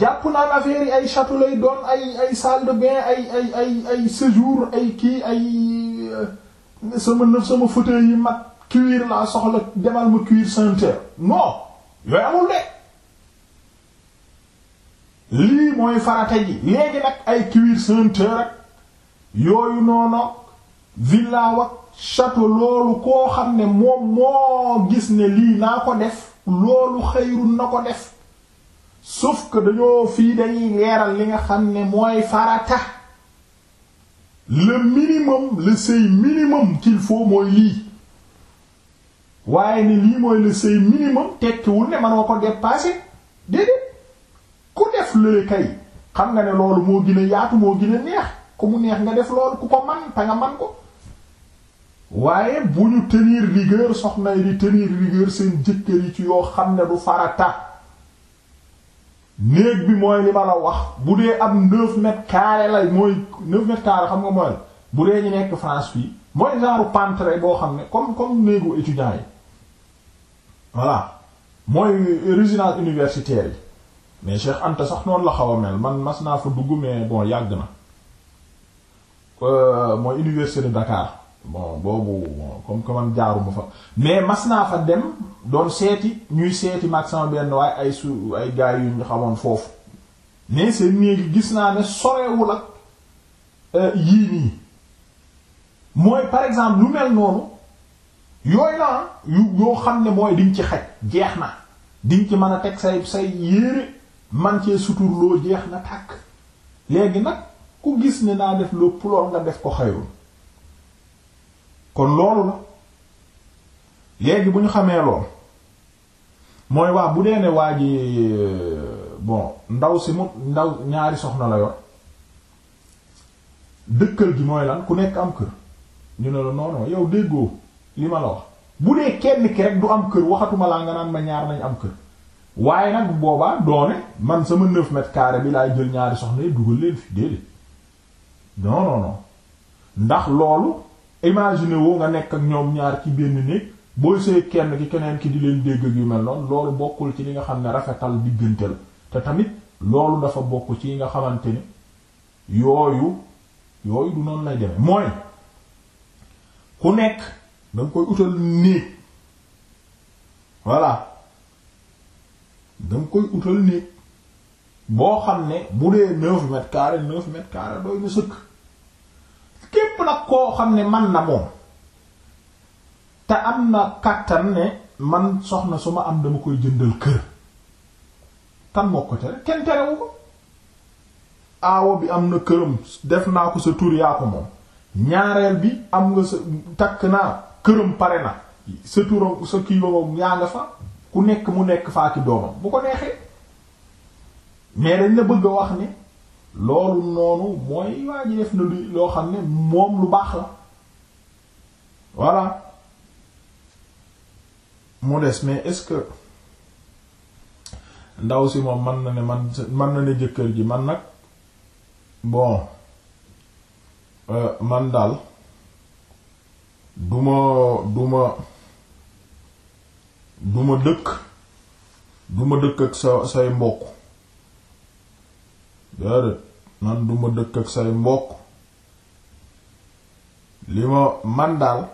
jàpp naan affaire ay château lay doon ay ay salle de ay ay ay séjour ay kii ay euh, sama nëf sama fauteuil yi mag cuir laa soxla demal ma cuir senteur non yooyu amul de lii mooy farata ji léegi nag ay cuir centeur ak yooyu noonu villa wak château loolu koo xam ne moom moo gis ne lii naa ko def loolu xëyrun na ko def sauf ko dañoo fii dañuy leeral li nga xam ne mooy farata le minimum le seuil minimum qu'il mooy lii waaye ne lii mooy le seuil minimum tekkiwul ne mënoo ko dépasser déedéet def kay xam nga ne loolu moo gën a yaatu moo gën a neex ku mu neex nga def loolu ku ko man te nga man ko waaye bu ñu tenir rigueur soxna yi di tenir rigueur seen jëkkër yi ci yoo xam ne du farata néeg bi mooy li la wax bu dee am neuf mètres carrés la mooy neuf mètres carrés xam nga mooy bu dee ñu nekk France fii mooy genre pantre boo xam ne comme comme néegu étudiants yi voilà mooy résidence universitaire yi mais Cheikh Anta sax noonu la xaw a mel man mas naa fa dugg mais bon yàgg na euh, mooy université de Dakar bon boobu comme que man jaaruma fa mais mas naa fa dem doon seeti ñuy seeti maag sama benn waaye ay su ay gars yu ñu xamoon foofu mais seen néegi gis naa ne sorewul ak euh, yii nii mooy par exemple lu mel noonu yooyu la yoo xam ne mooy diñ ci xaj jeex na diñ ci mën a teg say say yéere man cee suturloo jeex na tàkk léegi nag ku gis ni naa def lu pulool nga def ko xayrul kon loolu la léegi bu ñu xamee lool mooy waa bu dee ne waa ji euh, bon ndaw si mu ndaw ñaari soxna la yor dëkkal gi mooy lan ku nekk am kër ñu ne la non non yow déggoo li ma la wax bu dee kenn ki rek du am kër waxatuma laa nga naan ma ñaar nañ am kër waaye nag boobaa doone man sama neuf mètres carrés bi laay jël ñaari soxna yi dugal leen fi déedéet non non non ndax loolu imagine woo nga nekk ak ñoom ñaar ci benn néeg booy see kenn ki keneen ki di leen dégg yu mel noonu loolu bokkul ci li nga xam ne rafetal diggante la te tamit loolu dafa bokk ci yi nga xamante ne yooyu yooyu du noonu lay demee mooy ku nekk danga koy utal néeg voilà danga koy utal néeg boo xam ne bu dee neuf mètres carrés neuf mètres carrés doy na sëkk képp nag koo xam ne man na moom te am na kàttan ne man soxna su ma am dama koy jëndal kër kan moo ko tere kenn terewu ko aawo bi am na këram def naa ko sa tur yaa ko moom ñaareel bi am nga sa takk naa këram pare na sa turam sa kii yaa nga fa ku nekk mu nekk faaki doomam bu ko neexee mais dañ la bëgg a wax ni loolu noonu mooy waa def na lu loo xam ne moom lu baax la voilà mu des mais est-ce que ndaw si moom man na ne man man na ne jëkkër ji man nag bon euh, man daal duma duma du ma dëkk du ma dëkk ak sa say mbokk déedéet man du dëkk ak say mbokk li ma man daal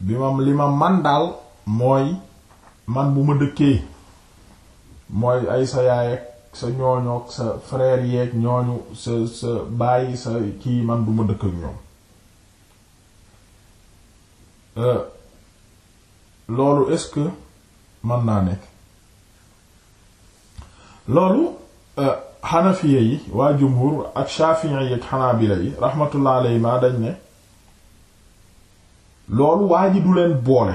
bi ma li ma man daal mooy man bu ma dëkkee mooy ay sa yaay ak sa ñooñu sa frère yeeg ñooñu sa sa bàyyi sa kii man du dëkk ak ñoom. Euh, loolu est-ce que mën naa nekk loolu xanafiya euh, yi waa jumhur ak shafi'i yi ak xanaabila yi rahmatullah alayhi ma dañ ne loolu waa ji du leen boole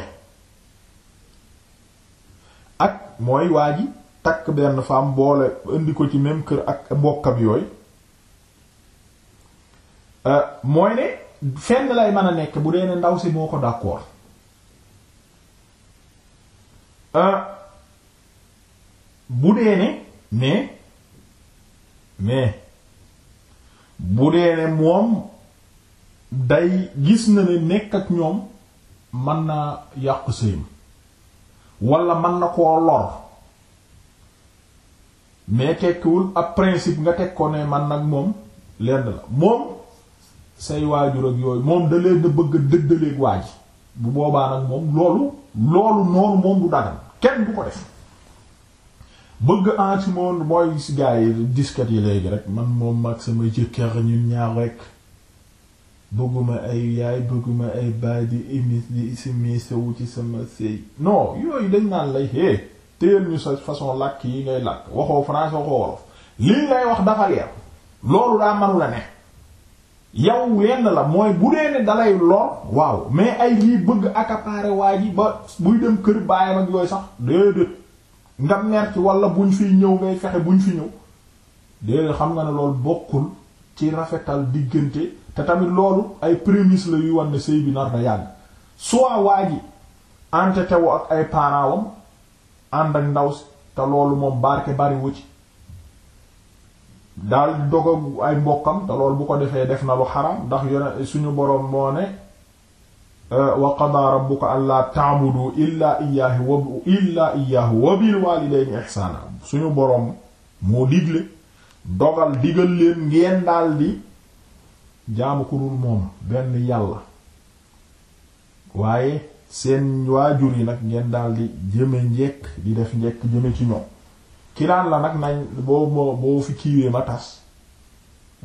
ak mooy waa ji takk benn femme boole indi ko ci même kër ak mbokkam yooyu euh, mooy ne fenn lay mën a nekk bu dee ne ndaw si moo ko d'accord Euh, bu dee ne mais mais bu dee ne moom day gis na ne nekk ak ñoom man na yàqu sëyam wala man na koo lor mais tekkiwul ak principe nga teg ko ne man nag moom lenn la moom say waajur ak yooyu moom da leen bëgg a dëddaleeg waa bu boobaa nag moom loolu loolu moom du dagal kenn bu ko def bëgg anti moom mooy gaa yi diskat yi léegi rek man moom mag sama jëkkër ñu ñaar rek bëgguma ay yaay bëgguma ay baay di émis di simisewu ci sama sëy non yooyu dañ naan lay hé téyel ñu sa façon làkk yi ngay làkk waxoo français waxoo wolof lii lay wax dafa leer loolu daa manu ne yow lenn la mooy bu dee ne dalay lor waaw mais ay lii bëgg accaparer waa ji ba buy dem kër baayam ak yooyu sax déedéet nga mer ci wala buñ fiy ñëw ngay fexe buñ fi ñëw déedéet xam nga ne lool bokkul ci rafetal diggante te tamit loolu ay prémices la yuy wan ne sëy bi nar na yàgg soit waa ji entêté wu ak ay parents wam ànd ak ndaw te loolu moom barke bariwu ci daal dogo ay mbokkam te loolu bu ko defee def na lu xaram ndax yone suñu boroom moo ne wa qadaa rabbuka allaa ta'budu illaa iyyaahu wa illaa iyyaahu wa bil suñu boroom moo digle dogal digal leen ngeen daal di jaamu ku moom benn yàlla waaye seen waajur yi nag ngeen daal di jëme njekk di def njekk jëme ci ñoom ki la nag nañ boo moo boo fi kiiwee ma tas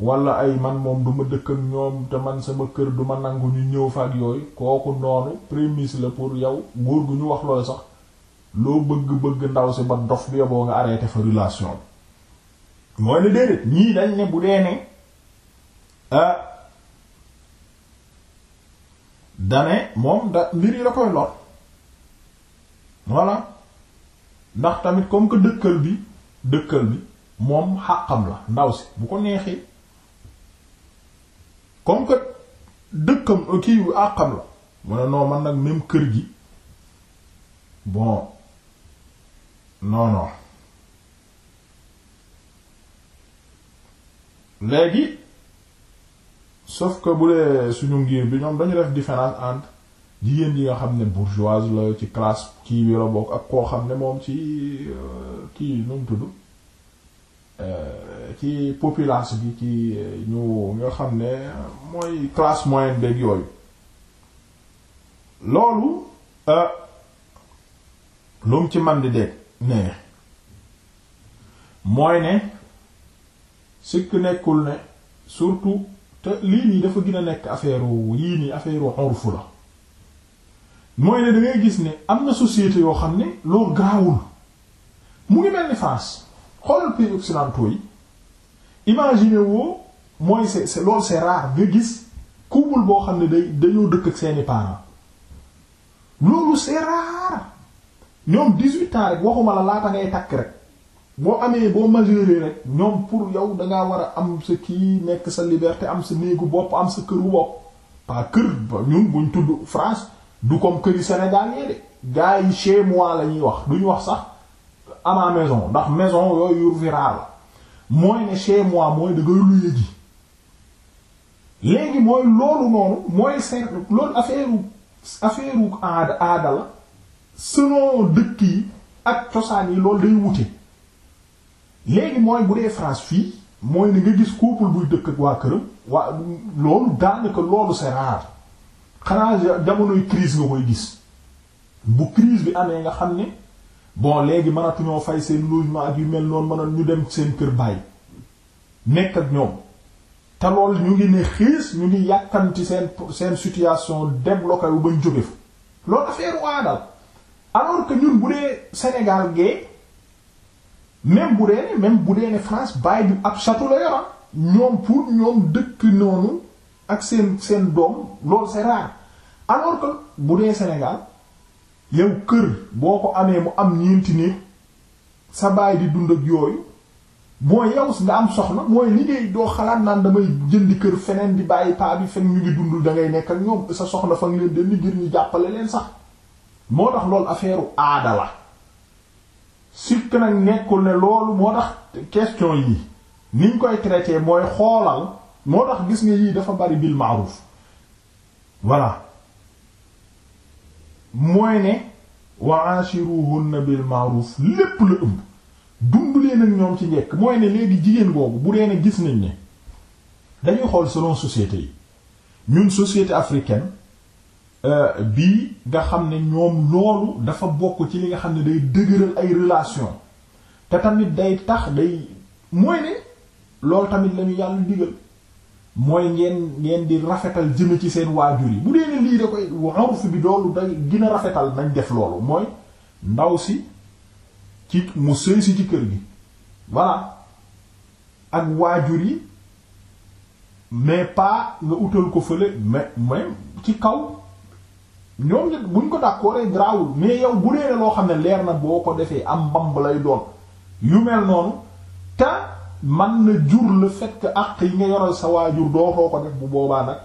wala ay man moom du ma ñoom te man sama kër du ma nangu ñu ñëw fa ak yooyu kooku noonu prémisse la pour yow góor gu ñu wax loolu sax loo bëgg-bëgg ndaw si ba dof bi yoboo nga arrêté fa relation bi mooy ne déedéet ñii dañ ne bu dee ne ah moom da mbir yi la koy lor voilà ndax tamit comme que dëkkal bi dëkkal bi moom xàqam la ndaw si bu ko neexee comme que dëkkam kii bu àqam la mu ne non man nag même kër gi bon non non léegi sauf que bu dee suñu ngir bi ñoom dañu def différence entre jigéen yi nga xam ne bourgeoise la ci classe kii bi la ak koo xam ne moom ci euh, kii nu mu tudd euh, ci population bi ci euh, ñu nga xam ne mooy classe moyenne beeg yooyu loolu lu mu ci man di dégg ne mooy ne sikk nekkul ne surtout te lii nii dafa gën a nekk affaire yii nii affaire urfu la mooy ne gis ne am na société yoo xam ne loolu gaawul mu ngi mel ni France xoolal pays occidentaux yi imaginer mooy c'est loolu c'est rare nga gis couple boo xam ne day dañoo dëkk ak seeni parents loolu c'est rare ñoom 18 ans rek waxuma la laata ngay takk rek boo amee boo majeure rek ñoom pour yow dangaa war a am sa kii nekk sa liberté am sa néegu bopp am sa këru bopp pas kër ba ñun buñ tudd France du comme këri Sénégal yee de gars yi chez moi la ñuy wax duñu wax sax à ma maison ndax maison yooyu yu virale la mooy ne chez moi mooy da ngay luye léegi mooy loolu noonu mooy seen loolu affaire affaire aada aada la dëkk yi ak cosaan yi loolu day wute léegi mooy bu dee France fii mooy ni nga gis couple buy dëkk ak waa këram waa loolu daanaka loolu c'est xanaa jamonoy crise nga koy gis bu crise bi amee nga xam ni bon léegi mënatuñoo fay seen logement ak yu mel noonu mën ñu dem seen kër bàyyi nekk ak ñoom te lool ñu ngi ne xiis ñu ngi yàkkanti seen seen situation débloqué wu bañ jóge fa loolu affaire waa dal alors que ñun bu dee Sénégal gee même bu dee ne bu dee ne France bàyyi bi ab château la yoroon ñoom pour ñoom dëkk noonu ak seen seen doom loolu c'est rare alors bu dee Sénégal yow kër boo ko amee mu am ñeenti néeg sa baay di dund ak yooyu mooy yow nga am soxna mooy liggéey doo xalaat naan damay jëndi kër feneen di bàyyi paa bi fenn ñu ngi dundul da ngay nekk ñoom sa soxna fa nga leen di ngir ñu jàppale leen sax moo tax loolu affaire aada la sikk nag nekkul ne loolu moo tax question yi niñ koy traité mooy xoolal. moo tax gis nga yii dafa bari bil ma'ruf voilà mooy ne wa ashiruhunna bil ma'ruf lépp la ëmb dund leen ak ñoom ci njekk mooy ne léegi jigéen googu bu dee gis nañ ne dañuy xool selon société yi ñun société africaine euh, bii nga xam ne ñoom loolu dafa bokk ci li nga xam ne day dëgëral ay relation te tamit day tax day mooy ne loolu tamit lañu yàlla digal mooy ngeen ngeen di rafetal jëme ci seen waajur yi bu dee ne lii da koy urf bi doolu day gën a rafetal dañ def loolu mooy ndaw si ci mu sëy si ci kër gi voilà ak waajur yi mais pas nga utal ko fële mais même ci kaw ñoom ñëpp buñ ko d'accord grawul mais yow bu dee ne loo xam ne leer na boo ko defee am mbamb lay doon yu mel noonu te man na jur le fekk que àq yi nga yoral sa waajur dootoo ko def bu boobaa nag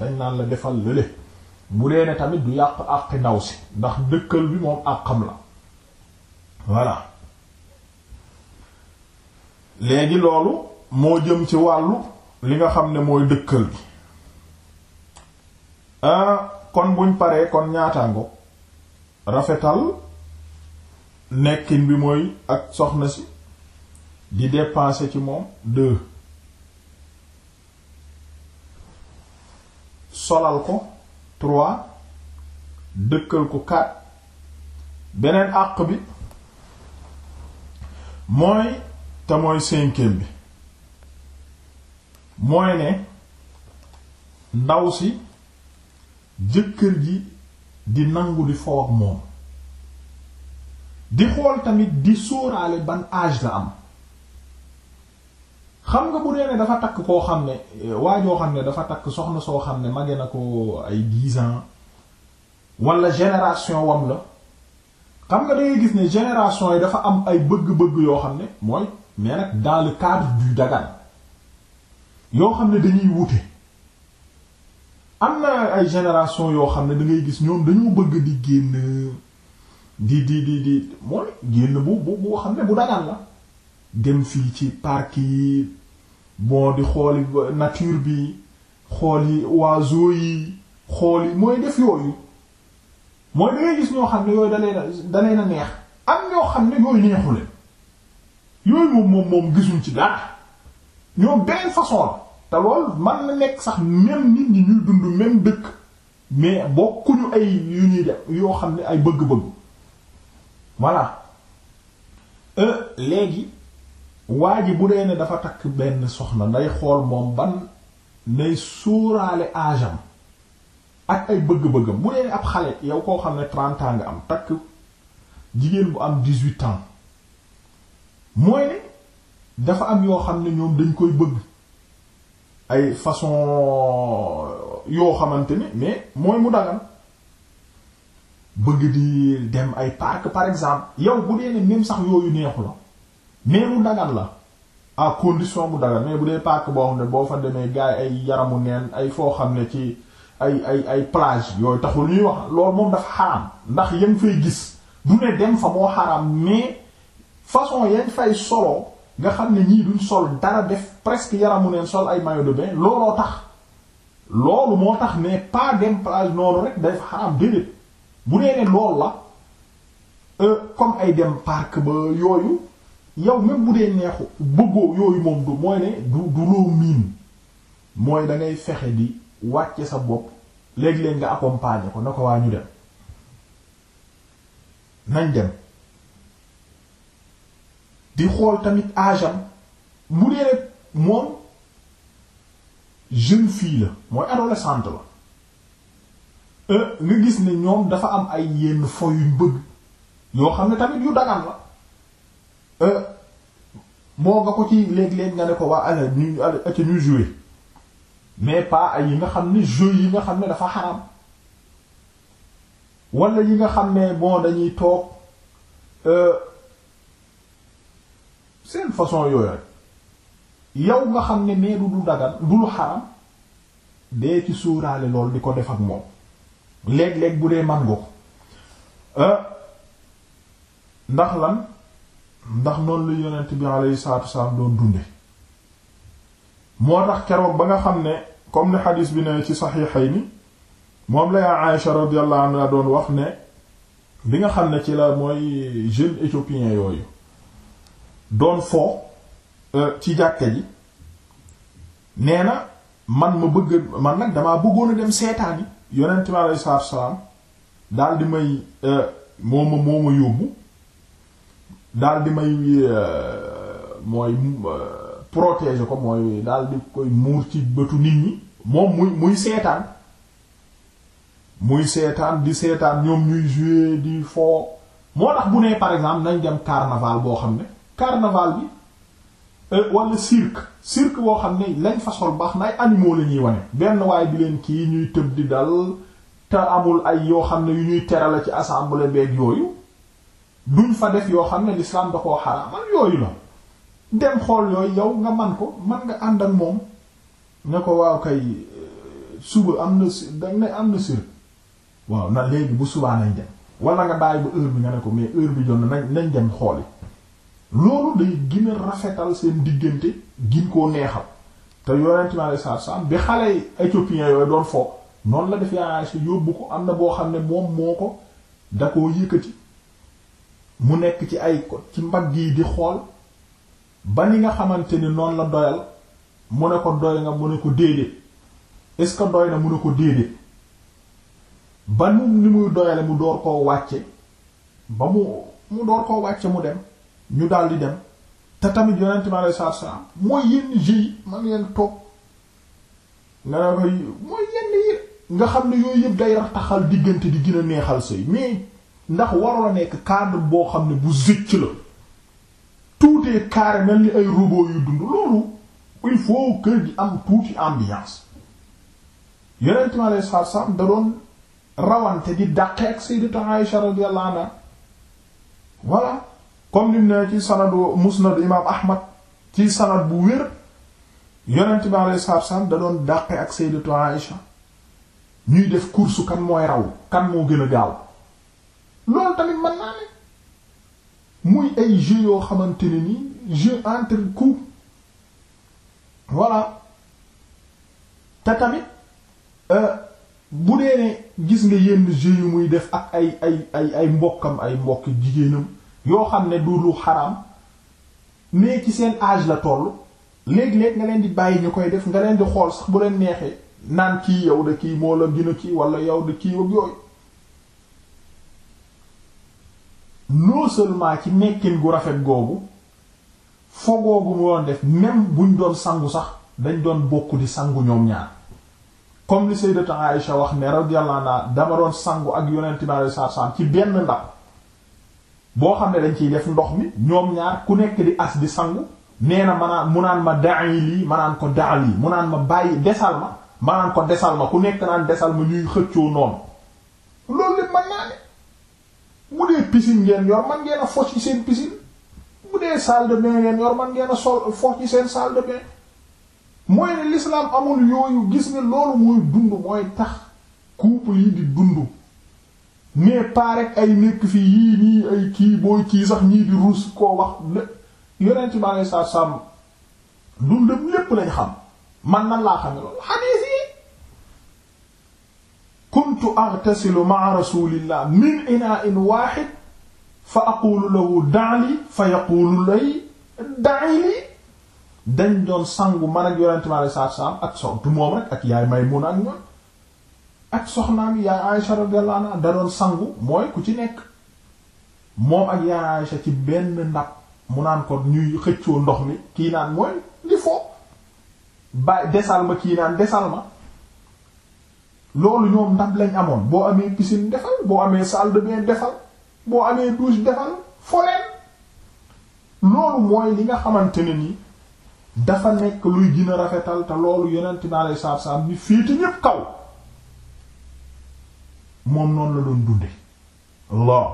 dañ naan la defal lële bu dee ne tamit du yàq àqi ndaw si ndax dëkkal bi moom àqam la voilà léegi loolu moo jëm ci wàllu li nga xam ne mooy dëkkal bi euh, kon buñ paree kon ñaataango rafetal nekkin bi mooy ak soxna si di dépasser ci moom deux solal ko trois dëkkal ko quatre beneen àq bi mooy te mooy cinquième bi mooy ne ndaw si jëkkër ji di nangu di foo ak moom di xool tamit di sóoraale ban âge la am xam nga bu dee ne dafa takk koo xam ne waa joo xam ne dafa takk soxna soo xam ne mage na ko ay dix ans wala génération wam la xam nga da gis ne génération yi dafa am ay bëgg-bëgg yoo xam ne mooy mais dans le cadre du dagan yoo xam ne dañuy wute am na ay génération yoo xam ne dangay gis ñoom dañoo bëgg di génn di di di di mooy génn bu bu boo xam ne bu dagan la dem fii ci parc yi moo di xooli nature bi xooli oiseaux yi xooli mooy def yooyu mooy da ngay gis ñoo xam ne yooyu da na a a neex am ñoo xam ne yooyu neexu leen yooyu moom moom gisuñ ci dara ñoom beneen façon la te lool man na nekk sax même nit ñi ñuy dund même dëkk mais bokkuñu ay yu ñuy def yoo xam ne ay bëgg-bëgg voilà euh léegi waa ji bu dee ne dafa takk benn soxna nday xool moom ban nay suuraale aajam ak ay bëgg-bëggam bu dee ne ab xale yow koo xam ne trente ans nga am takk jigéen bu am dix-huit ans mooy ne dafa am yoo xam ne ñoom dañ koy bëgg ay façon yoo xamante ni mais mooy mu dagan bëgg di dem ay parc par exemple yow bu dee ne même sax yooyu neexu la mais mu la à condition bu dagan mais bu dee parc boo xam ne boo fa demee gars ay yaramu neen ay foo xam ne ci ay ay ay plage yooyu taxul ñuy wax loolu moom dafa xaraam ndax yem fay gis du ne dem fa moo xaraam mais façon yañ fay solo nga xam ne ñii duñ sol dara def presque yaramu neen sol ay maillot de bain looloo tax loolu moo tax ne pas dem plage noonu rek day fa xaraam déedéet bu nee ne la euh, comme ay dem parc ba yooyu yow même bu dee neexu bëggoo yooyu moom du mooy ne du du loo miin mooy da fexe di wàcce sa bopp léeg-léeg nga accompagner ko na ko waa ñu dem nañ dem di xool tamit âge am mu dee rek moom jeune fille la mooy adolescente la euh, nga gis ne ñoom dafa am ay yenn fo yuñ bëgg yoo xam ne tamit yu dagan la Euh, moo nga ko ci léeg leen nga ne ko waa ala ñu aca ñu jouer mais pas ay yi nga xam ne jeu yi nga xam ne dafa xaram wala yi nga xam ne bon dañuy toog euh, seen façon yooyu rek yow nga xam ne mais du du dagan du xaram dee ci suuraale lool di ko def ak moom léeg-léeg bu dee man ko euh, ndax lan ndax noonu la yonent bi alayhi salaatu wasalaam doon dunde moo tax keroog ba nga xam ne comme ni xadiis bi ne ci saxiixayni moom la yaa Aïsha radiyallahu anha doon wax ne bi nga xam ne ci la mooy jeune éthiopien yooyu doon foo euh, ci jàkka ji nee na man ma bëgg man nag damaa bëggoon a dem seetaani yonent bi alayhi salaatu wasalaam daal di may euh, moo ma moo ma yóbbu daal di may euh, mooy euh, protéger ko mooy daal di koy muur ci bëtu nit ñi moom muy muy seetaan muy seetaan di seetaan ñoom ñuy jouer di fo moo tax bu nee par exemple nañ dem carnaval boo xam ne carnaval bi euh, wala cirque cirque boo xam ne lañ fa baax na ay animaux la ñuy wane benn waaye bi leen kii ñuy tëb di dal te amul ay yoo xam ne yu ñuy terale ci assemblée beeg yooyu duñ fa def yoo xam ne l'islam da koo xaraamal yooyu la dem xool yooyu yow nga man ko man nga ànd ak moom ne ko waaw kay suba am na si dañ ne am na sir waaw na léegi bu subaa nañ dem wala nga bàyyi bu heure bi nga ne ko mais heure bi jot na nañ dem xooli loolu day gën a rafetal seen diggante gin koo neexal te yonent mi alayhi salaatu salaam bi xale yi éthiopiens yooyu doon foo noonu la def yaa si yóbbu ko am na boo xam ne moom moo ko da koo yëkkati mu nekk ci ay ko ci mbagg yi di xool ba ni nga xamante ni noonu la doyal mu ne ko doy nga mu ne ko déedéet est-ce que doy na mu ne ko déedéet ba nu ni muy doyale mu door koo wàcce ba mu mu door koo wàcce mu dem ñu daldi dem te tamit yonent mi alei saatu salaam mooy yenn ji man ngeen toog nga ne koy mooy yenn yi nga xam ne yooyu yëpp day rax taxal diggante di gën a neexal sëy mais ndax warula nekk cadre boo xam ne bu zëcc la tout est carré mel ni ay robot yu dund loolu il faut kër gi am tuuti ambiance yonent mi alayhi salaatu salaam da doon rawante di dàqe ak sayyidatu Aïsha radiyallahu anha voilà comme ni ne ci sanadu musnad imaam Ahmad ci sanad bu wér yonent mi alayhi salaatu salaam da doon dàqe ak sayyidatu Aïsha ñuy def course kan mooy raw kan moo gën a gaaw loolu tamit mën naa ne muy ay jeu yoo xamante ne nii jeu entre coups voilà te tamit euh, bu dee ne gis nga yenn jeu yu muy def ak ay ay ay ay mbokkam ay mbokki jigéenam yoo xam ne du lu xaraam mais ci seen âge la toll léegi léeg nga leen di bàyyi ñu koy def nga leen di xool sax bu leen neexee naan kii yow de kii moo la gën kii wala yow de kii ak yooyu non seulement ci nekkin gu rafet googu fogoo gu mu doon def même buñ doon sangu sax dañ doon bokk di sangu ñoom ñaar comme li sayyidatu Aïsha wax ne radiyallahu anha dama doon sangu ak yonent bi alayhi salaatu salaam ci benn ndab boo xam ne dañ ciy def ndox mi ñoom ñaar ku nekk di as di sangu nee na manaan mu naan ma da'i lii manaan ko daal lii mu naan ma bàyyi desal ma manaan ko desal ma ku nekk naan desal ma ñuy xëccoo noonu loolu lépp mën naa bu dee piscine ngeen yor man ngeen a fo ci seen piscine bu dee salle de bain yor man ngeen a sol fo ci seen salle de bain mooy ne amul yooyu gis ne loolu mooy dund mooy tax couple yi di dund mais pas ay nekk fi yii nii ay kii booy kii sax ñii di ruus koo wax yonent bi alei saatu salaam dundam lépp lañ xam man nan laa xam ne loolu xadiis kuntu aghtasilu ma'a rasulillah min inaa'in waahid fa aqulu lahu da'li fa yaqulu lay da'li dañ doon sangu man ak yonent mi alayhi salaatu salaam ak sox du moom rek ak yaay Maymuna ak ñoom ak soxnaam yaay Aisha radiyallahu anha da doon sangu mooy ku ci nekk moom ak yaay Aisha ci benn ndab mu naan ko ñuy xëccoo ndox mi kii naan mooy li foo bàyyi desal ma kii naan desal ma loolu ñoom ndam lañ amoon boo amee piscine defal boo amee salle de defal boo amee douche defal foleen loolu mooy li nga xamante ne ni dafa nekk luy gina a rafetal te loolu yonent bi alayhi salaatu salaam ni féete ñépp kaw moom noonu la doon dunde loo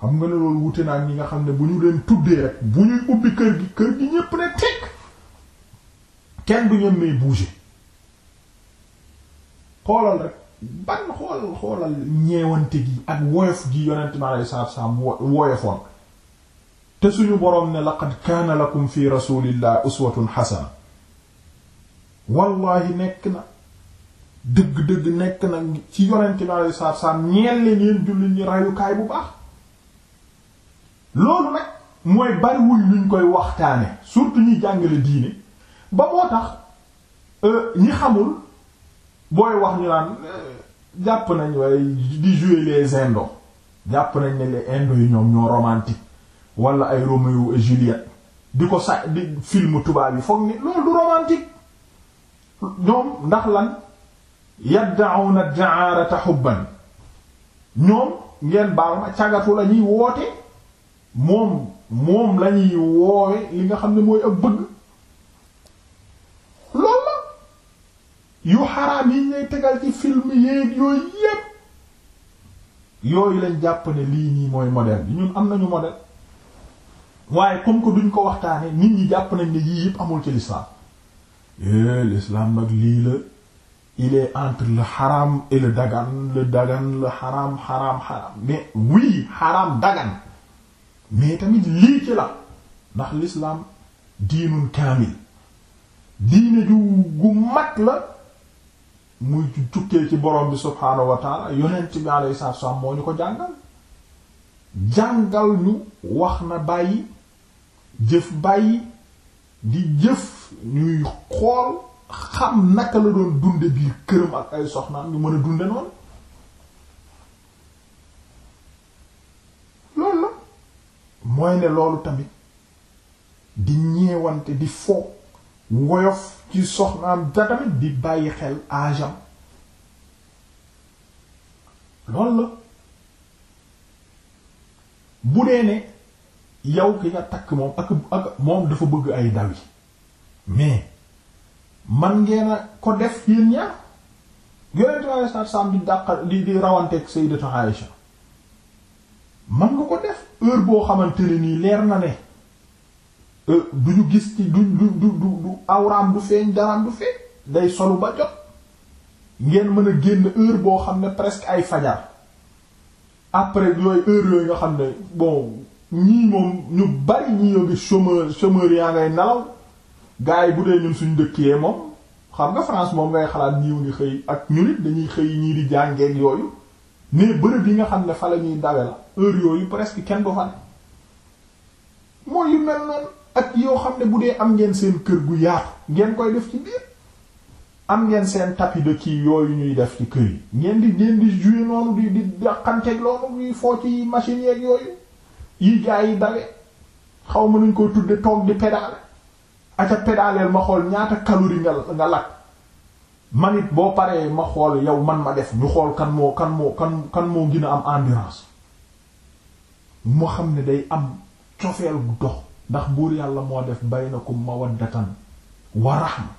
xam nga ne loolu wute naa ñi nga xam ne bu ñu leen tuddee rek bu ñuy ubbi kër gi kër gi ñépp ne teg kenn du ñemmee bouger xoolal rek ban xoolal xoolal ñeewante gi ak woyof gi yonent mi alayhi salaatu woyofoon te suñu boroom ne laqad kaana lakum fi rasulillahi uswatun hasana wallahi nekk na dëgg-dëgg nekk na ci yonent mi alayhi salaatu ñeel la ngeen julli ñi rayukaay bu baax loolu nag mooy bariwul luñ koy waxtaane surtout ñi jàngale diine ba moo tax euh, ñi xamul booy wax ñu naan euh, jàpp nañ waaye di jouer les indo jàpp nañ ne les indo yi ñoom ñoo romantique wala ay Roméo et di ko sa di film tubaab yi foog ni loolu du romantique ñoom ndax lan yadda'una ad-da'arata hubban ñoom ngeen baal ma cagatu la ñuy woote moom moom la woowe li nga xam ne mooy ak bëgg yu xaraam yi ñuy tegal ci film yéeg yooyu yépp yooyu lañ jàpp ne lii nii mooy modèle bi ñun am nañu modèle waaye comme que duñ ko waxtaane nit ñi jàpp nañ ne yii yépp amul ci l'islam eh l'islam nag lii la il est entre le haram et le dagan le dagan le haram haram mais oui haram dagan mais tamit lii ci la ndax lislaam diinun kaamil diine ju gu mat la muy tukkee ci borom bi subhaanahu wa taala yonent bi alayhi salaatu wasallam moo ñu ko jàngal jàngal ñu wax na bàyyi jëf bàyyi di jëf ñuy xool xam naka la doon dunde biir këram ak ay soxnaam ñu mën a dunde noonu loolu la mooy ne loolu tamit di ñeewante di fo ngoyof ci soxnaam da tamit di bàyyi xel agam loolu la bu dee ne yow ki nga takk moom ak ak moom dafa bëgg ay dawi mais man ngeen a ko def yéen ñaar yonentu Yàlla sallallahu alayhi wasallam di dàqal di di rawanteeg Sayyidatu Aïsha man nga ko def heure boo xamante ne nii leer na ne Euh, du ñu gis ci du du du du awraam du feeñ daraam du feeñ day solu ba jot ngeen mën a génn heure boo xam ne presque ay fajar après yooyu heure yooyu nga xam ne boo ñii moom ñu bari ñi yoo ngi chômeur chômeur yaa ngay nalaw gars yi bu dee ñun suñu dëkkee moom xam nga France moom ngay xalaat ñiw ngi xëy ak ñu nit dañuy xëy ñii di jàngeeg yooyu mais bërëb yi nga xam ne fa la ñuy dawe la heure yooyu presque kenn du fa mooy yu mel noonu ak yoo xam ne bu dee am ngeen seen kër gu yaatu ngeen koy def ci biir am ngeen seen tapis de kii yooyu ñuy def ci kër yi ngeen di ngeen di jouer noonu di di daqanteeg loolu foo ci machine yeeg yooyu yi gaay yi dawe xaw ma nuñ ko tudde toog di pédale aka pédaleel ma xool ñaata calorie nga nga lakk man it boo paree ma xool yow man ma def ñu xool kan moo kan moo kan moo gin a am endurance moo xam ne day am cofeel gu dox ndax buur yàlla moo def baynakum mawaddatan wa rahma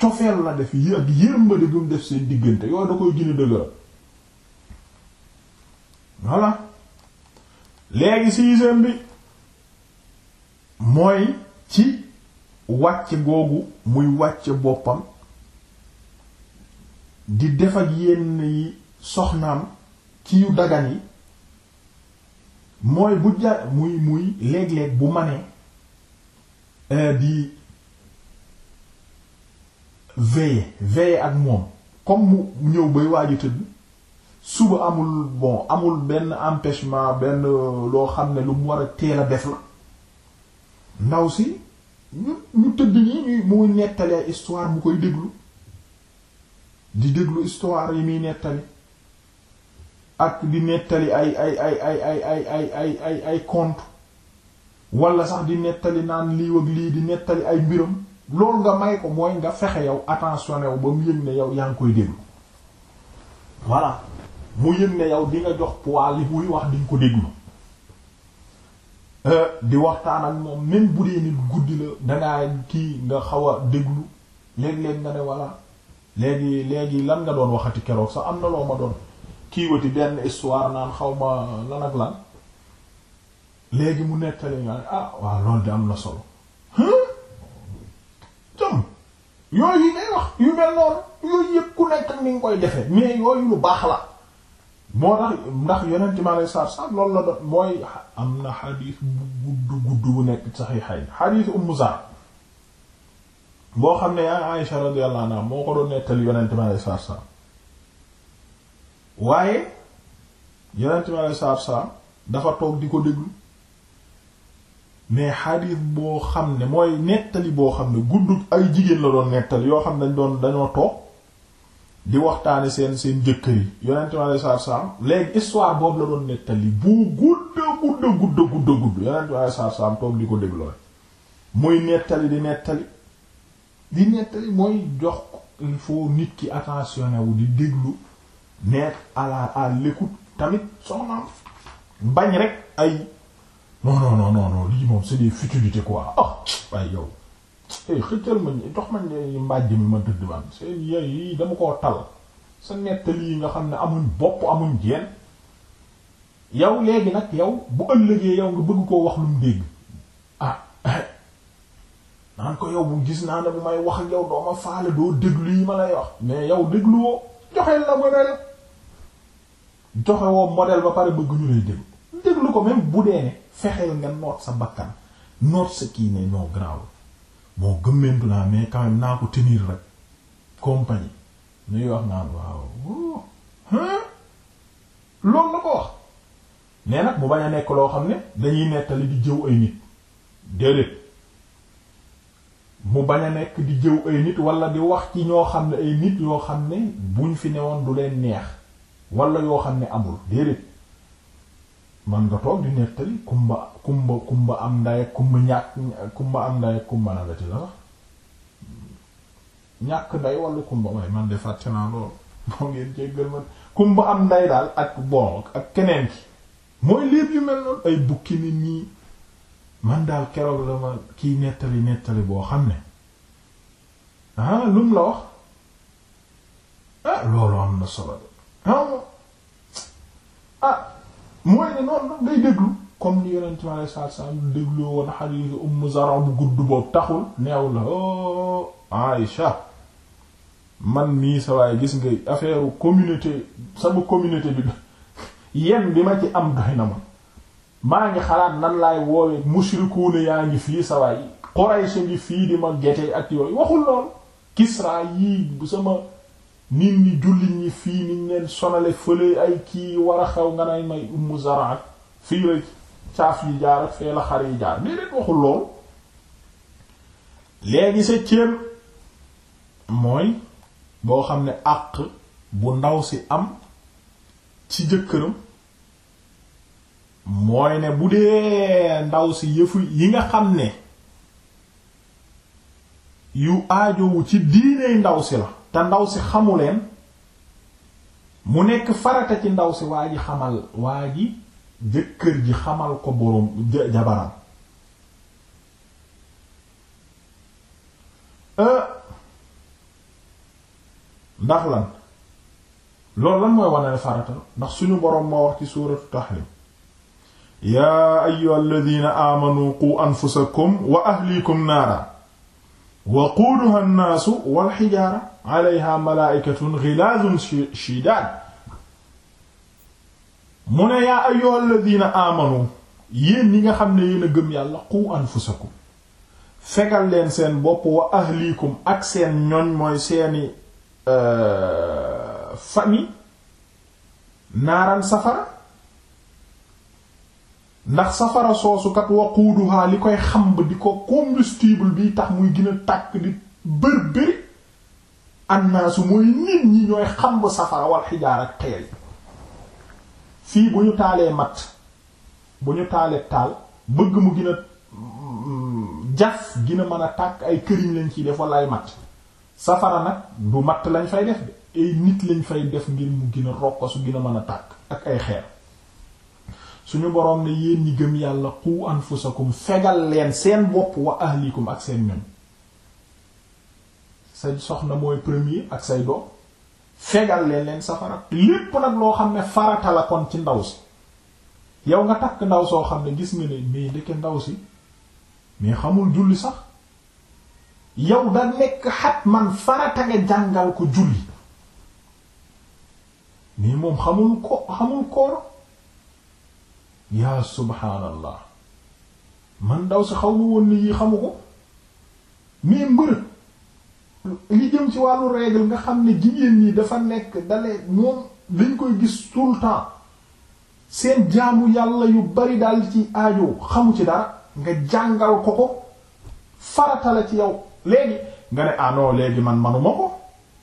cofeel la def yi ak yërmande bu mu def seen diggante yooyu da koy gën a dëgëral voilà léegi sixième bi mooy ci wàcc googu muy wàcc boppam di def ak yenn yi soxnaam ci yu dagan yi mooy bu ja muy muy léeg-léeg bu manee di veiller veiller ak moom comme mu ñëw bay waaji tëdd suba amul bon amul benn empêchement benn loo xam ne lu mu war a teel a def la ndaw si ñu ñu tëdd nii muy nettalee histoire mu koy déglu di déglu histoire yi muy nettali ak di nettali ay ay ay ay ay ay ay ay ay conte wala sax di nettali naan lii wag lii di nettali ay mbiram loolu nga may ko mooy nga fexe yow attentionné wu ba mu yëg ne yow yaa ngi koy déglu voilà mu yëg ne yow di nga jox poids li muy wax di ko déglu euh, di waxtaan ak moom même bu dee nit guddi la dangaa kii nga xaw a déglu léeg-léeg nga ne voilà léegi léegi lan nga doon waxati keroog sax am na loo ma doon kiiwati benn histoire naan xaw ma lan ak lan léegi mu nettali nga ah waaw loolu de am na solo tam yooyu yi ngay wax yu mel noonu yooyu yëpp ku nekk ni nga koy defee mais yooyu lu baax la moo tax ndax yonent mi aleyhi salaatu salaam loolu la doon mooy am na xadiis bu gudd gudd bu nekk boo xam ne yaa Aysa radiyallahu anha moo ko doon nettali yonent mi aleyhi salaatu salaam waaye yonent mi aleyhi salaatu salaam dafa toog di ko déglu mais xadiis boo xam ne mooy nettali boo xam ne gudd ay jigéen la doon nettali yoo xam ne dañ doon dañoo toog di waxtaane seen seen jëkkër yi yonent mi alayhi salaatu léegi histoire boobu la doon nettali bu gudd gudd gudd gudd gudd yonent mi alayhi toog di ko déglu rek muy nettali di nettali di nettali mooy jox il nit ki attentionné wu di déglu nekk à la à l'écoute tamit soxnaam bañ rek non non non non non lii moom c'est des futilités quoi ah waaye yow eh xëccal ma dox ma ne mbàjj mi ma tëdd man c'est yii dama koo tal sa nettali yi nga xam ne amuñ bopp amuñ jeen yow léegi nag yow bu ëllëgee yow nga bëgg koo wax lu mu dégg ah naan ko yow bu gis naa ne bu may wax ak yow doo ma faale doo déglu yi ma lay wax mais yow dégluwoo joxeel la modèle joxe woo modèle ba pare bëgg ñu lay déglu déglu ko même bu dee ne fexeel nga noot sa bakkan noot sa kii ne non grand bon gëmmentu naa mais quand naa ko tenir rek compagnie ñuy wax naan waaw oh. loolu la ko wax mais nag mu bañ a nekk loo xam ne dañuy nettali di jëw ay nit déedéet mu bañ a nekk di jëw ay nit wala di wax ci ñoo xam ne ay nit yoo xam ne buñ fi woon du leen neex wala yoo xam ne amul déedéet man nga toog di nettali kumba kumba kumba am ndaye kumba ñàkk kumba am ndaye kumba na ci la ñàkk nday wala kumba waaye man de fàtte naa loolu moo ngeen jéggal man kumba am nday daal ak bon ak keneen ki mooy léeb mel noonu ay bukki nit ñi man daal keroog la ma kiy nettali nettali boo xam ne ah lu la wax ah loolu am na solo ah, ah mooy ne noonu ngay déglu comme ni yonent mi alayhi salaatu salaam déglu woon hadiis Umm Zar'a bu gudd boobu taxul neew la o oh, Aïcha man mii sa gis nga affaire communauté sama communauté bi yenn bi ma ci am doy na ma maa ngi xalaat nan laay woowee mushrikuuna yaa ngi fii sa waay Quraysh ngi fii di ma gete ak yooyu waxul lool Kisra yii bu sama nit ñi jullit ñi fii niñ leen sonale fële ay kii war a xew nga nay may ummu Zara ak fii la caaf yi jaar fee la xar yi jaar déedéet waxul lool léegi sa ceeb mooy boo xam ne àq bu ndaw si am ci jëkkëram mooy ne bu dee ndaw si yëfu yi nga xam ne yu aajowu ci diiney ndaw si la te ndaw si xamuleen mu nekk farata ci ndaw si waa ji xamal waa ji jëkkër ji xamal ko boroom jabaram euh, ndax lan loolu lan mooy wane farata ndax suñu boroom moo wax ci suuratu tahrim yaa ayyuhal ladina amanu qu anfusakum wa ahlikum naara wa quuduha an-naasu wal hijaara alayha malaa'ikatun ghilaazun shidaad mu ne yaa ayyuhal ladina amanu yéen ñi nga xam ne yéen gëm yàlla xu anfusakum fegal leen seen bopp wa ahlikum ak seen ñoñ mooy seeni euh, fami naaran safara ndax safara soosukat waquuduhaa li koy xamb di ko combustible bi tax muy gën a di bër bëri annaasu mooy nit ñi ñooy xamb safara wal xijaar ak xeer yi fii bu ñu taalee matt bu ñu taalee taal bëgg mu gën a mm, jas mën a tàkk ay këriñ lañ ciy def wala ay matt safara nag du matt lañ fay def bi ay nit lañ fay def ngir mu gën a rokkasu mën a tàkk ak ay xeer suñu boroom ne yéen ñi gëm yàlla qu anfusakum fegal leen seen bopp wa ahlikum ak seen ñoñ say soxna mooy premier ak say doom fegal leen leen safara lépp nag loo xam ne farata la ci ndaw si yow nga takk ndaw soo xam ne gis nga ne mais ndeke ndaw si mais xamul julli sax yow da nekk xat man farata nga jàngal ko julli mais moom xamul ko xamul koor yaa subhaanallah man ndaw si xaw ma woon ni yii xamu ko mais mbërëg li jëm ci wàllu règle nga xam ne jigéen ñi dafa nekk dalee moom dañ koy gis tout le seen jaamu yàlla yu bari daal ci aajo xamu ci daal nga jàngal ko ko farata ci yow léegi nga ne ah non man manuma ko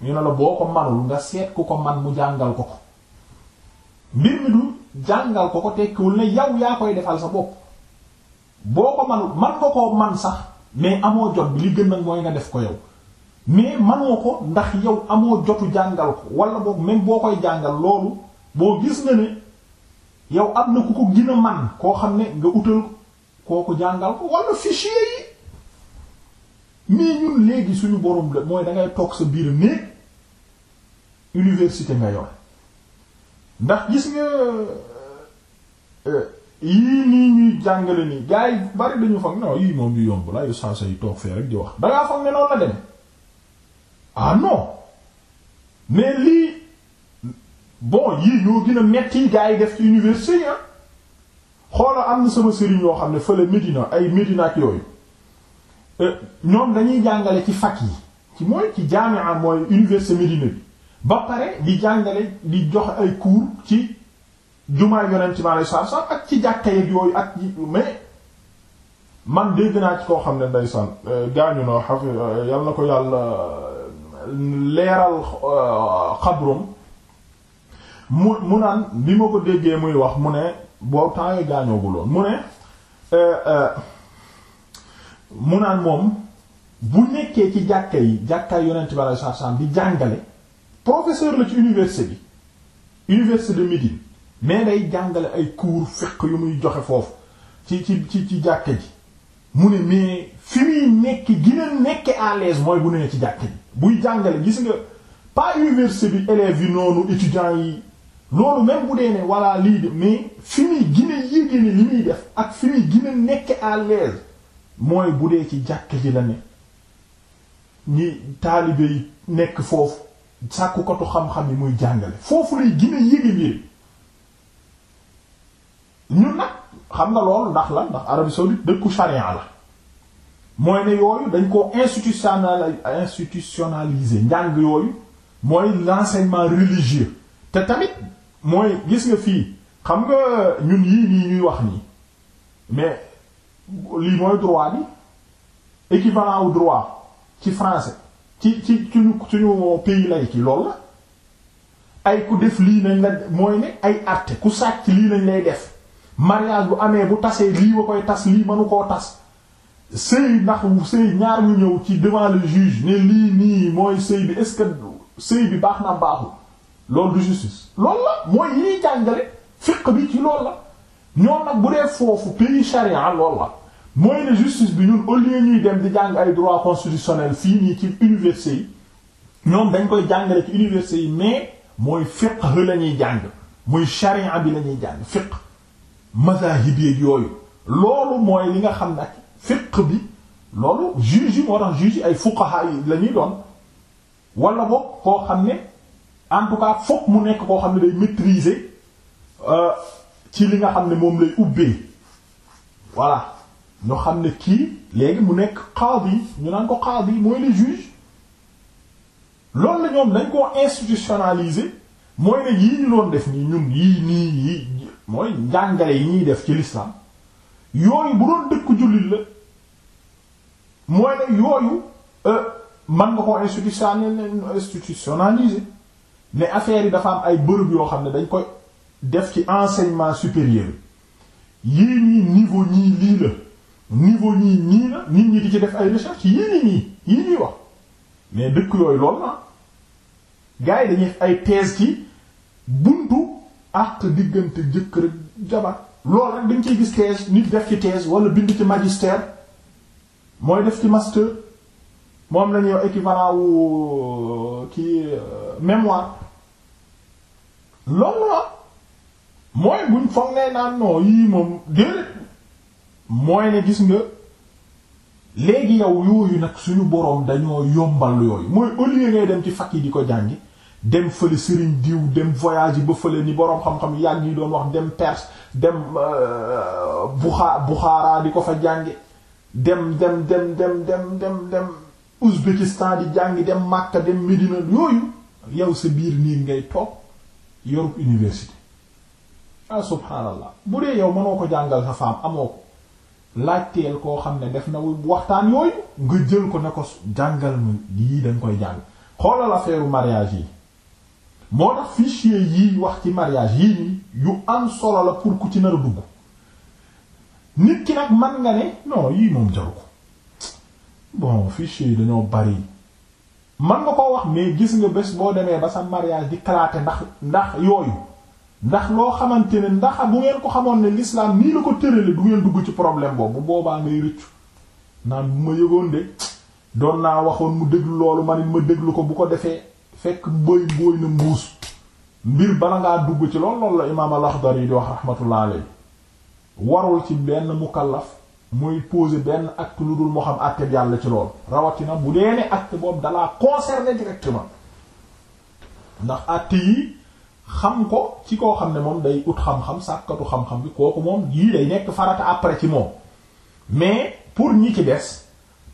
ñu ne la boo ko manul nga seet ku ko man mu jàngal ko ko mbir mi du jàngal ko ko tekkiwul ne yow yaa koy defal sa bopp boo ko manul man ko koo man sax mais amoo jot bi li gën nag mooy nga def ko yow mais manoo ko ndax yow amoo jotu jàngal ko wala boobu même boo koy jàngal loolu boo gis na ne yow am na ku ko gën man koo xam ne nga utal kooku jàngal ko wala fichier yi mais ñun léegi suñu borom la mooy dangay toog sa biir néeg université nga yor ndax gis nga euh, yii nii ñuy jàngale nii gars yi bari dañu foog ne waaw yii moom yu yomb la yu sa yi toog fee rek di wax dangaa foog ne noonu dem ah non mais lii bon yii ñoo gën a gaa yi def ci université yi ah. xoolal am na sama sëriñ yoo xam ne fële Médina ay Médina yooyu euh, ñoom dañuy jàngale ci fac yi ci mooy ci jaami'a mooy université Médina bi ba pare di jàngale di jox ay cours ci jumaa yonent mi alayhi salaatu ak ci jàkka yooyu ak mais man dégg naa koo xam ne ndeysaan euh, gaañu na yal na ko yàlla. leeral euh, xabrum mu mu naan bi ma ko déggee muy wax mu ne boobu temps yooyu gaañooguloon mu ne euh, euh, mu naan moom bu nekkee ci jàkka yi jàkkaay yonent bi alei satu salaam di jàngale professeur la ci université bi université de Médine mais day jàngale ay cours fiqh yu muy joxe foofu ci ci ci ci jàkka ji mu ne mais fi muy nekk gina nekke à l'aise mooy bu nee ci jàkka ji buy jàngale gis nga pas université bi élèves yi noonu étudiants yi loolu même bu dee ne walla lii de mais fi muy gën a yéege li muy def ak fi muy gën nekk à l'aise mooy bu dee ci jàkk ji la ne ñi taalibe nekk foofu sàkkukatu xam-xam yi muy jàngale foofu lay gën a yéege mbir nag xam nga loolu ndax la ndax Arabie saoudite dëkku charia la mooy ne yooyu dañ ko institutionnal institutionnaliser njàng yooyu mooy l'enseignement religieux te tamit mooy gis nga fii xam nga ñun yii nii ñuy wax nii mais lii mooy droit bi équivalent au droit ci français ci ci suñu suñu pays lay ci lool la ay ku def lii nañ la mooy ne ay àtte ku sàcc lii nañ lay def mariage bu amee bu tasee lii wa koy tas lii mënu koo tas bi sëy ndax sëy ñaar ñu ñëw ci devant le juge ne lii ni mooy sey bi est-ce bi baax na baaxul loolu du justice loolu la mooy yi jàngale fiq bi ci loolu la ñoom nag bu dee foofu pi charia loolu la mooy ne justice bi ñun au lieu ñuy dem di jàng ay droit constitutionnel fii nii ci université yi ñoom dañ koy jàngale ci université yi mais mooy fiq la ñuy jàng muy charia bi la ñuy jàng fiq mazahib yooyu loolu mooy li nga xam nag fiqh bi loolu juge yi moo tax juge ay fuqaha yi la doon wala boog koo xam ne en tout cas fokk mu nekk koo xam ne day maîtriser euh, ci li nga xam ne moom lay ubbee voilà ñu xam ne kii léegi mu nekk qaadi ñu naan ko qaadi mooy le juge loolu la ñoom dañ koo institutionnaliser mooy ne yii ñu doon def nii ñun yii nii yii mooy njàngale yi ñuy def ci l'islam yooyu bu doon dëkk jullit la mooy ne yooyu euh, man nga ko institutionnel institutionnaliser mais affaire yi dafa am ay bërëb yoo xam ne dañ koy def ci enseignement supérieur yii nii niveau ñii lii la niveau ñii ñii la nit ñi di ci def ay ci yii nii nii yii ñuy wax mais dëkk yooyu lool na gars yi dañuy ay thèse ci buntu àq diggante jëkkër ak jabar loolu rek dañ ciy gis thèse nit def ci thèse wala bind ci magistère mooy def ci master moom lañuy wax ki wu ci euh, euh, mémoire loolu la mooy buñ foog ngay naan non yii moom déedéet mooy ne gis nga léegi yow yooyu nag suñu boroom dañoo yombal yooyu mooy au lieu ngay dem ci fakk yi di ko jàngi dem fële sëriñ diw dem voyage yi ba fële ni boroom xam-xam yàgg yi doon wax dem Perse dem euh, Buxa Buxaara di ko fa jàngi dem dem dem dem dem dem dem Ouzbékistan di jàngi dem Makka dem Medina yooyu yow sa biir nii ngay toog yorub université ah subhaanallah bu dee yow mënoo ko jàngal sa femme amoo ko laajteel koo xam ne def na waxtaan yooyu nga jël ko ne ko jàngal mu yii dañ koy jàng xoolal affaire mariage yi moo tax fichier yii wax ci mariage yii nii yu am solo la pour ku ci nar a dugg nit ki nag man nga ne non yii moom jaru ko bon fichier yi dañoo bari man nga koo wax mais gis nga bés boo demee ba sa mariage di kalaate ndax ndax yooyu ndax loo xamante ne ndax bu ngeen ko xamoon ne l'islam nii la ko tërale du ngeen dugg ci problème boobu boobaa ngay rëccu naan bu ma yëgoon de doon naa waxoon mu déglu loolu man ma déglu ko bu ko defee fekk mbooy mbooy na mbuus mbir bala ngaa dugg ci lool loolu la imaam al di wa rahmatullah alayhi warul ci benn mukallaf muy poser benn acte lu dul moo xam acte bi yàlla ci lool rawatina bu dee ne acte boobu dalaa concerné directement ndax acte yi xam ko ci koo xam ne moom day ut xam-xam sàkkatu xam-xam bi kooku moom yii day nekk farata après ci moom mais pour ñi ci des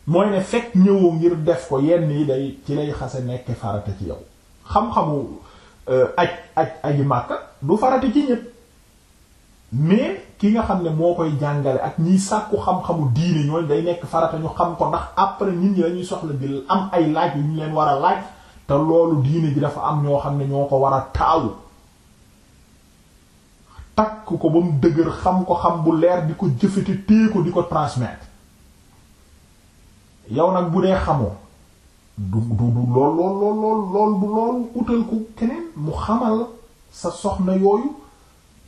mooy ne fekk ñëwoo ngir def ko yenn yi day ci lay xase nekk farata ci yow xam-xamu euh, aj aj aji màkk du farata ci ñépp mais ki nga xam ne moo koy jàngale ak ñiy sàkku xam-xamu diine ñooñu day nekk farata ñu xam ko ndax après nit ñi dañuy soxla bi am ay laaj yu ñu leen war a laaj te loolu diine bi dafa am ñoo xam ne ñoo ko war a taawu takk ko ba mu dëgër xam ko xam bu leer di ko jëfete téye ko di ko transmettre yow nag bu dee xamoo du du du lool lool lool lool utal ko keneen mu xamal sa soxna yooyu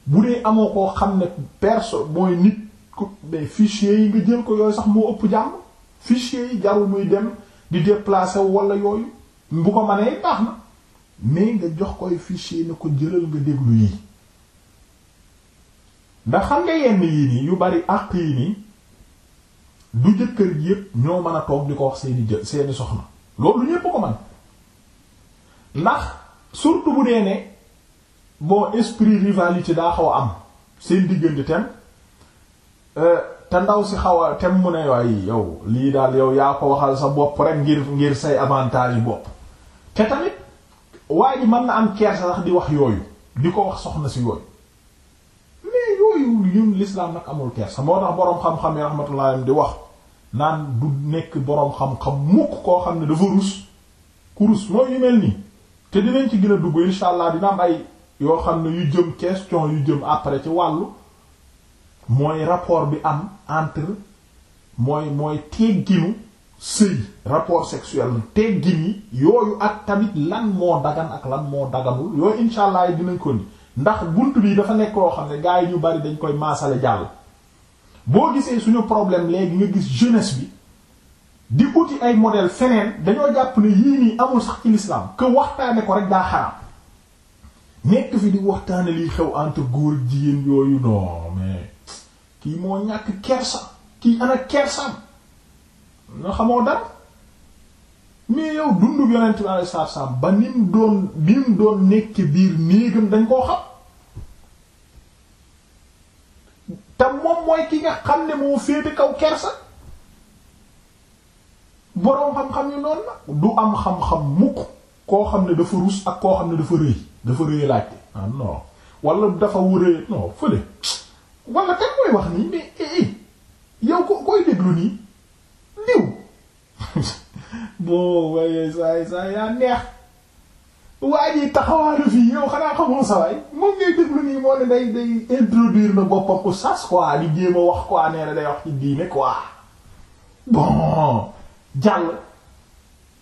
bu dee amoo koo xam ne personne mooy nit ku mais fichier yi nga jël ko yooyu sax moo ëpp jàmm fichier yi jarul muy dem di déplacer wala yooyu bu ko manee baax na mais nga jox koy fichier na ko jëlal nga déglu yii ndax xam nga yenn yii nii yu bari àq yi nii du jëkkër ji yépp ñoo mën a toog di ko wax seeni jë seeni soxna loolu ñépp ko mën ndax surtout bu dee ne bon esprit rivalité daa xaw a am seen diggante tem euh, te ndaw si xaw a tem mu ne waaye yow lii daal yow yaa ko waxal sa bopp rek ngir ngir say avantage yi bopp te tamit waa ji mën na am kersa sax di wax yooyu di ko wax soxna si yooyu mais yooyu ñun l'islam nag amul kersa moo tax boroom xam-xam yi rahmatullah di wax naan du nekk boroom xam-xam mukk koo xam ne dafa rus ku rus mooy yu nii te dinañ ci gën a dugg insha allah dina am ay yoo xam ne yu jëm question yu jëm après ci wàllu mooy rapport bi am entre mooy mooy tegginu sëy rapport sexuel teggini yooyu ak tamit lan moo dagan ak lan moo dagamul yooyu insha allah yi dinañ ko ni ndax bunt bi dafa nekk loo xam ne gars yi ñu bari dañ koy maasale jàll boo gisee suñu problème léegi nga gis jeunesse bi di uti ay modèle feneen dañoo jàpp ne yii nii amul sax ci l'islam que waxtaane ko rek daa xaraam nekk fi di waxtaane liy xew entre góor jigéen yooyu non mais kii moo ñàkk kersa kii ana kersam nga xamoo dara mais yow dundu yonent bi alayhi salaatu salaam ba nim doon nim doon nekk biir néegam dañ koo xam tam moom mooy ki nga xam ne moo féete kaw kersa boroom xam-xam yu noonu la du am xam-xam mukk koo xam ne dafa rus ak koo xam ne dafa rëy dafa rëy laajte ah non wala dafa wëree non fële wala kan mooy wax nii mais eh, eh yow ko koy déglu nii diw bon waaye saa saa yaa neex waa ji taxawaalu fii yow xanaa xamoo sa waay moom ngay déglu nii moo ne day day introduire na boppam au sas quoi di jéem a wax quoi nee na day wax ci diine quoi bon jàll.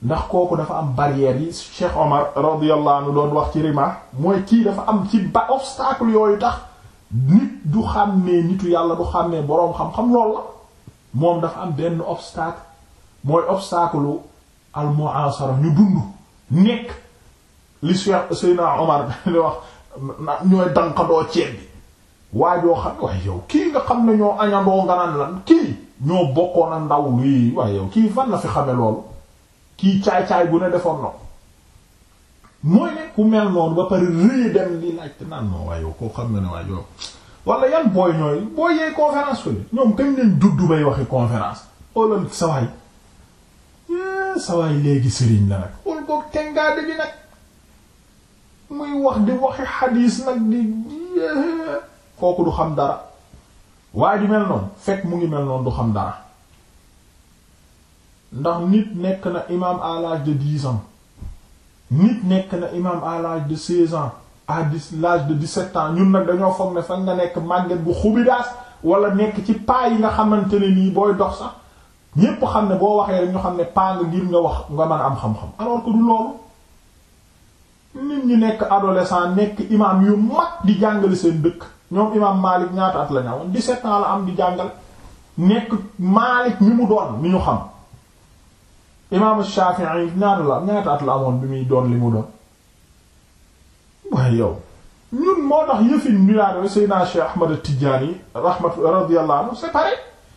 ndax kooku dafa am barrière yi Cheikh Omar radiyallahu anhu doon wax ci rima mooy kii dafa am ci ba obstacle yooyu tax nit du xàmmee nitu yàlla du xàmmee boroom xam-xam lool la moom dafa am benn obstacle mooy obstacle al mu'asara ñu dund nekk li Cheikh Seydina Omar wax ñooy danqadoo ceeb bi waa joo xam waaye yow kii nga xam ne ñoo añandoo nga naan lan kii ñoo bokkoon a ndaw lii waaye yow kii fan la fi xame loolu kii caay-caay bu ne defoon na mooy ne ku mel noonu ba pare rëy dem li laajte naan moo waaye koo xam nga ne waaye yow wala yan booy ñooy booy yeey conférence fële ñoom kañ lañ juddu bay waxi conférence oloon oh, sawaay eh, sawaay léegi sëriñ la nag wol boog tengaade bi nag muy wax di waxi xadiis nag di eh, kooku du xam dara waaye ju mel noonu fekk mu ngi mel noonu du xam dara ndax nit nekk na imam à l'âge de dix ans nit nekk na imam à l'âge de seize ans à l'âge de dix-sept ñun nag dañoo foog ne fan nga nekk màgget bu xubidaas wala nekk ci paa yi nga xamante ne nii booy dox sax ñépp xam ne boo waxee rek ñu xam ne paa nga ngir nga wax nga mën am xam-xam alors que du loolu nit ñi nekk adolescent nekk imam yu mag di jàngale seen dëkk ñoom imam Malik ñaata at la ñawoon 17 ans la am di jàngal nekk Malik mi mu doon xam imaamu Shafi'i ñaata la ñaata at la amoon bi muy doon li mu doon waaye yow ñun moo tax yëfi nuyaat la Seydina Cheikh Ahmad Tidiane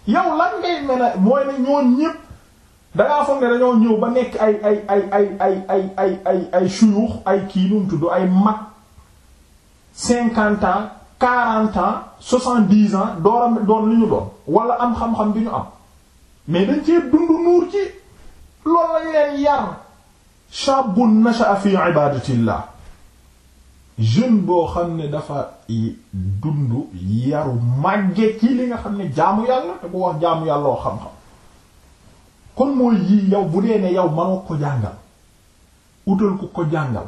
lan ngay mën a mooy ne ñoon ñépp dangaa foog ne dañoo ñëw ba nekk ay ay ay ay ay ay ay ay ay suyuux ay kii nu mu ay mag cinquante ans quarante ans soixante dix ans dooram doon li ñu doon wala am xam-xam bi ñu am mais dañ cee dund nuur ci. loolu lañ leen yar shabun nasha'a fi ibadatillah jeune boo xam ne dafa dund yaru màgge ci li nga xam ne jaamu yàlla te bu wax jaamu yàlloo xam-xam kon mooy yii yow bu dee ne yow manoo ko jàngal utal ku ko jàngal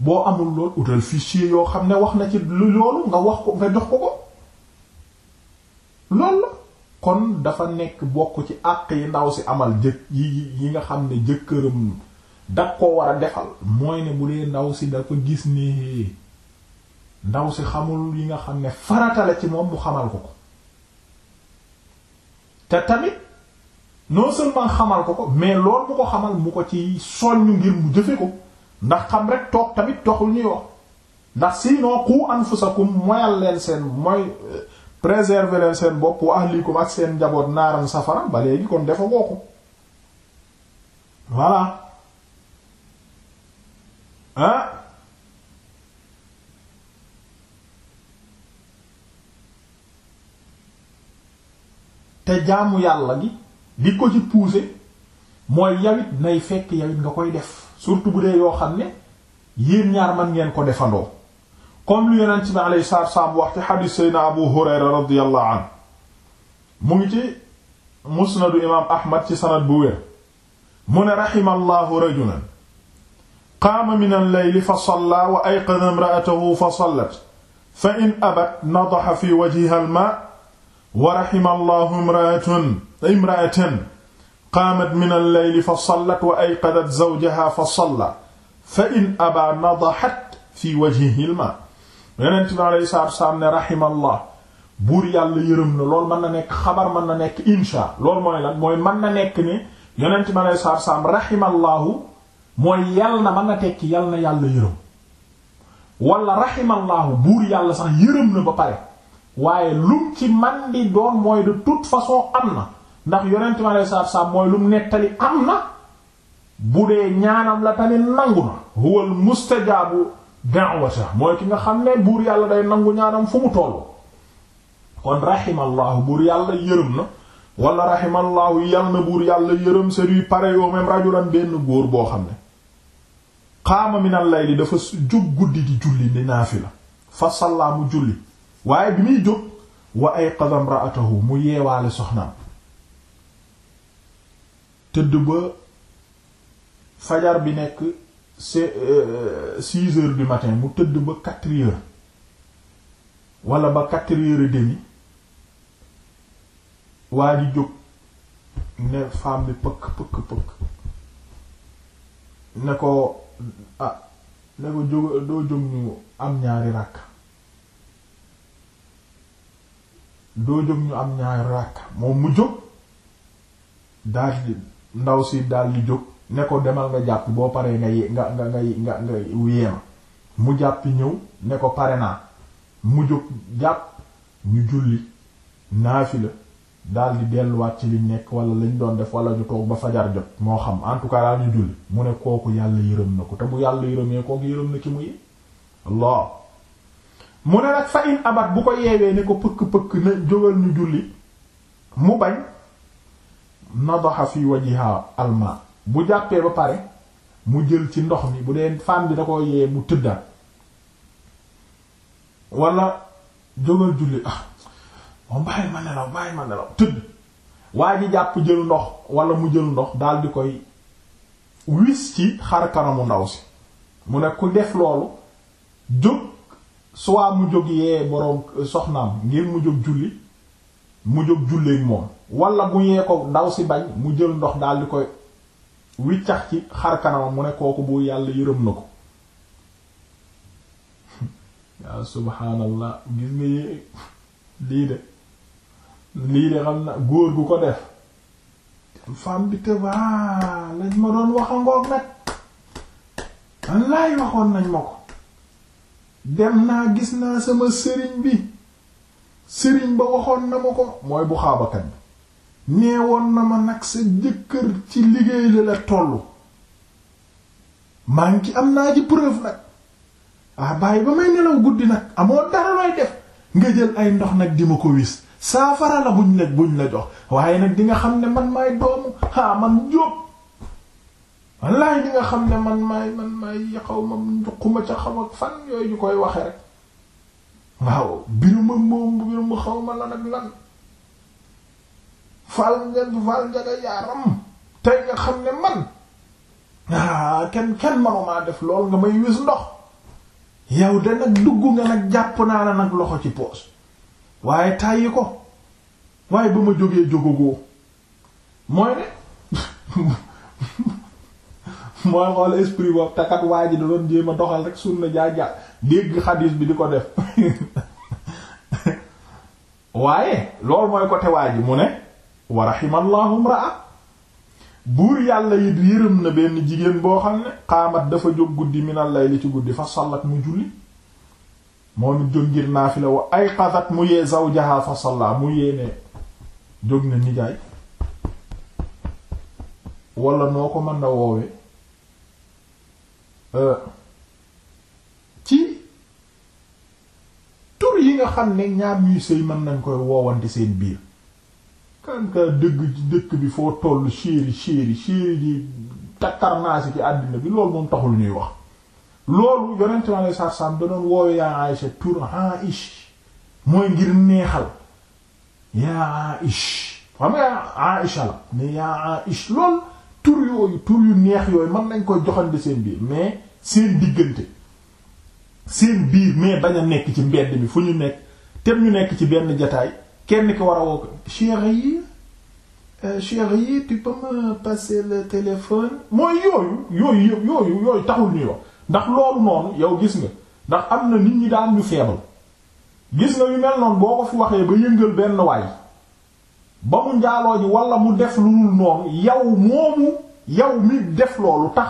boo amul lool utal fichier yoo xam ne wax na ci lu loolu nga wax ko nga jox ko ko loolu kon dafa nekk bokk ci àq yi ndaw si amal jëkk yi yi nga xam ne jëkkëram da koo war a defal mooy ne bu dee ndaw si dafa gis ni ndaw si xamul yi nga xam ne faratale ci moom mu xamal ko ko te tamit non seulement xamal ko ko mais loolu mu ko xamal mu ko ci soññ ngir mu jëfe ko ndax xam rek toog tamit toxul ñuy wax ndax sinon qu anfusakum moyal leen seen mooy préserver leen seen bopp wa ahlikum ak seen njaboot naaral safara ba léegi kon defa ko voilà ah te jaamu yàlla gi li ko ci pousser mooy yawit nay fekk yawit nga koy def surtout bu dee yoo xam ne yéen ñaar man ngeen ko defandoo comme lu yonent bi alayhi salaatu salaam wax ci xadiis Seydina Abu Hurayra radiyallahu anhu mu ngi ci musnadu imaam Ahmad ci sanad bu wér mu ne rahimallahu rajulan qaama min al-layli fa sallaa wa ayqadha imra'atahu fa sallat fa in abat nadaxa fi wajhiha al-maa' wa rahimallahu imra'atan imra'atan qaamat min al-layli fa sallat wa ayqadhat zawjaha fa sallaa fa in abaa nadaxat fi wajhihi al-maa' yonent bi alayhi salaatu wasalaam ne rahimallah buur yàlla yërëm na loolu mën na nekk xabar mën na nekk insha loolu mooy lan mooy mën na nekk ne yonent bi alayhi salaatu wasalaam rahimallahu mooy yàlla na mën na tekki yàlla na yàlla yërëm wala rahimallahu buur yàlla sax yërëm na ba pare waaye lum ci man di doon mooy de toute façon am na ndax yonent bi alayhi salaatu wasalaam mooy lum nettali am na bu dee ñaanam la tamit nangu na huwal mustajaabu da'wata mooy ki nga xam ne buur yàlla day nangu ñaanam fu mu tollu kon rahimallahu buur yàlla yërëm na wala rahimallahu yal na buur yàlla yërëm sa luy pare yoo même rajulan benn góor boo xam ne qaama minal layli dafa jóg guddi di julli di naafila fa salla mu julli waaye bi muy jóg wa ayqadha imra'atahu mu yeewaale soxnaam tëdd ba fajar bi nekk c'est euh, six heures du matin mu tëdd ba quatre heures wala ba quatre heures et demie waa ji jóg ne femme bi pëkk pëkk pëkk ne ko ah ne ko jóg doo jóg ñu am ñaari ràkk doo jóg ñu am ñaari ràkk moom mu jóg daal di ndaw si daal di jóg ne ko demal nga jàpp boo paree nga nga nga nga nga nga yeema mu jàpp ñëw ne ko pare naa mu jóg jàpp ñu julli naafila daal di delluwaat ci liñ nekk wala lañ doon def wala ñu toog ba fajar jot moo xam en tout cas daal ñu julli mu ne kooku yàlla yërëm na ko te bu yàlla yërëmee kooku yërëm na ki mu yi Allah mu ne nag fa in abat bu ko yeewee ne ko pëkk-pëkk na jógal ñu julli mu bañ nadaxa fi wajiha alma bu jàppee ba pare mu jël ci ndox mi bu dee femme bi da ko yee mu tëdda wala jógal julli ah bàyyi ma nelaw bàyyi ma nelaw tëdd waa ji jàpp jël ndox wala mu jël ndox daal di koy wis ci xar kanamu ndaw si mu ne ku def loolu jóg soit mu jóg yee boroom euh, soxnaam ngir mu jóg julli mu jóg julleek moom wala mu yee ko ndaw si bañ mu jël ndox daal di koy wiccax ci xar kanamam mu ne kooku bu yàlla yërëm na ko yaa subhaanallah gis nga lii de lii de xam na góor gu ko def femme bi tëbaa lañ ma doon wax nag wallaay waxoon nañ ma ko dem naa gis naa sama sëriñ bi sëriñ ba waxoon na ma ko mooy bu xaabakat bi woon na ma nag sa jëkkër ci liggéey la la tollu maa ngi ci am naa ci preuve nag ah bàyyi ba may nelaw guddi nag amoo dara may def nga jël ay ndox nag di ma ko wis saafara la buñ la buñ la jox waaye nag di nga xam ne man may doomu ah man jóob wallaay di nga xam ne man maay man maay yaxaw ma njuquma ca xam ak fan yooyu ñu koy waxe rek waaw biru ma moom biru ma xaw ma lan ak lan faal nga faal nga yaaram tey nga xam ne man ah kenn kenn manumaa def lool nga may wis ndox yow de dugg nga nag jàpp naa la nag loxo ci poos waaye tàyyi ko waaye ba ma jógee jógagoo mooy ne mooy xool esprit boobu takat waa ji da doon jéem a doxal rek sunna jaaja dégg xadiis bi di ko def waaye loolu mooy côté waa ji mu ne wa rahimallahu buur yàlla yi yërëm na benn jigéen boo xam ne xaamat dafa jóg guddi minal layli ci guddi fa sallat mu julli moom it jóg ngir naafila wa ayqadat mu yee zawjaha fa salla mu yee ne jóg na nijaay wala noo ko mën na woowe euh, ci tur yi nga xam ne ñaar ñuy sëy mën nañ koy woowante seen biir kankaa dëgg ci dëkk bi foo toll chéri chéri chéri ji takkarnaasi ci àddina bi loolu moom taxul ñuy wax loolu yonente ma lay sarsam da doon woowe yaa Aïcha tur Aïch mooy ngir neexal yaa Aïch xam nga Aïcha la ne yaa Aïch lool tur yooyu tur yu neex yooyu mën nañ koy joxande seen biir mais seen diggante seen biir mais bañ a nekk ci mbedd bi fu ñu nekk te ñu nekk ci benn jataay kenn ki war a woo ko chérie yi euh, chérie yi tu peux me passer le téléphone mooy yooyu yooyu yooyu taxul ñuy wax ndax loolu noonu yow gis nga ndax am na nit ñi daan ñu feebal gis nga yu mel noonu boo ko fi waxee ba yëngal benn waay ba mu njaaloo ji wala mu def lu dul noonu yow moomu yow mi def loolu tax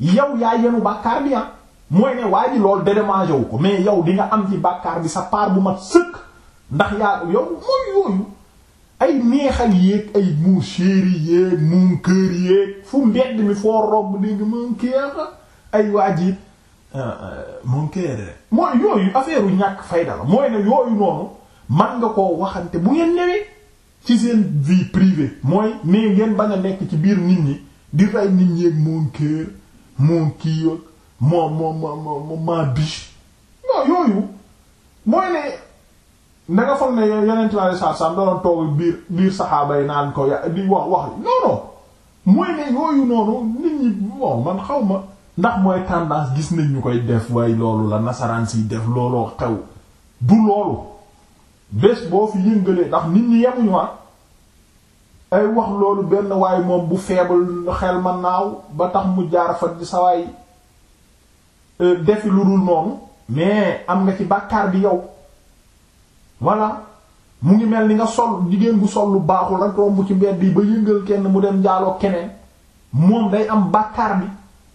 yow yaa yenu bàkkaar bi ah mooy ne waa ji loolu dédommagé wu ko mais yow di nga am ci bàkkaar bi sa part bu ma sëkk ndax yaa yow mooy yooyu ay neexal yéeg ay muur chéri yéeg muum kër yéeg fu mbedd mi foo robb dégg mon kër ay waaj it ah, ah, mon kër mooy ñàkk fayda la ne yooyu noonu man nga ko waxante bu ngeen newee ci seen vie privée mooy mais ngeen bañ a nekk ci biir nit ñi di rey nit ñi ak mon kër mon kii moom moom moom ma biche non yooyu mooy ne na nga foog ne yeneen tubaab yi sax sax doon toog biir biir saxaaba naan ko bi wax wax non mooy ne yooyu noonu nit ñi bon man xaw ma ndax mooy tendance gis nañ ñu koy def waaye loolu la nasaraan si def looloo xew du loolu bés boo fi yëngalee ndax nit ñi yemuñu ah ay wax loolu benn waaye moom bu feebal xel ma naaw ba tax mu jaar fa sawaay euh, defi lu dul noonu mais am na ci bàkkaar bi yow. voilà mu ngi mel ni nga sol jigéen bu sol lu baaxul rek romb ci mbedd yi ba yëngal kenn mu dem njaaloo keneen moom day am bàkkaar bi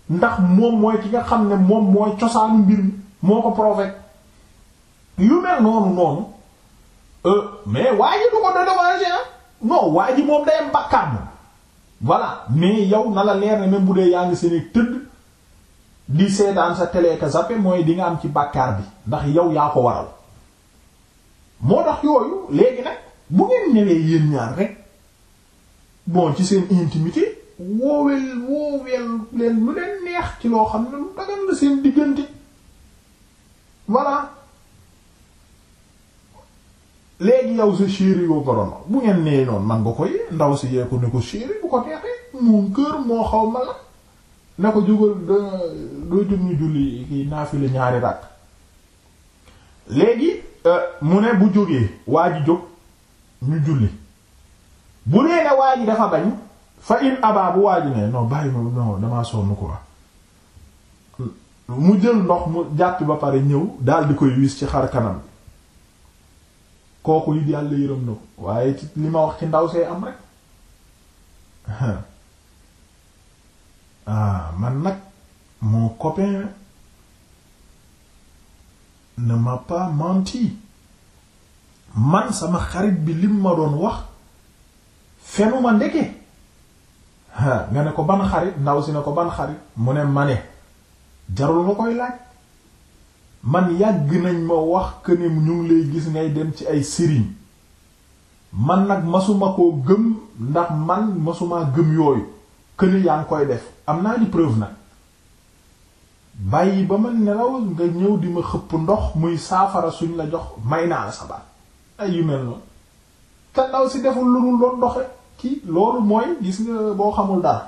ndax moom mooy ki nga xam ne moom mooy cosaanu mbir moo ko prophète yu mel noonu noonu euh, waa ji du ko dédommagé ah non moom day am bàkkaar moom voilà mais yow na la leer ne même bu dee yaa ngi seen tëdd di seetaan sa télé ka zappé mooy di nga am ci bàkkaar bi ndax yow yaa ko waral moo tax yooyu léegi nag bu ngeen newee yéen ñaar rek bon ci seen intimité wooweel wooweel lu leen neex ci loo xam ne lu dagan la seen diggante voilà léegi yow sa chéri yoo bu ngeen nee noonu man nga koy ndaw si yee ko ne ko chéri bu ko neexee moom kër moo xaw ma la na ko jógal doo jëm ñu julli kii naafila ñaari rakk léegi euh, mu ne bu jógee waa ji jóg ñu julli bu nee ne waa ji dafa bañ fa in abaa waa ji ne non bàyyi ma non damaa sonn ko mu jël ndox mu jàpp ba pare ñëw daal di koy wis ci xar kanam kooku it yàlla yërëm na ko waaye ci li ma wax ci ndaw see am rek ah man nag mon copain ne m'a pas man sama xarit bi lim ma doon wax fenu ma ndeke nga ne ko ban xarit ndaw si ne ko ban xarit mu ne ma ne jarul nga koy laaj man yàgg nañ ma wax këni ne ñu lay gis ngay dem ci ay sëriñ man nag masuma koo gëm ndax man masuma gëm yooyu que yaa ngi koy def am naa di preuve nag bàyyi ba ma nelaw nga ñëw di ma xëpp ndox muy saafara suñ la jox may naa la sa ay yu mel noonu te ndaw si deful lu dul doon doxe kii loolu mooy gis nga boo xamul daal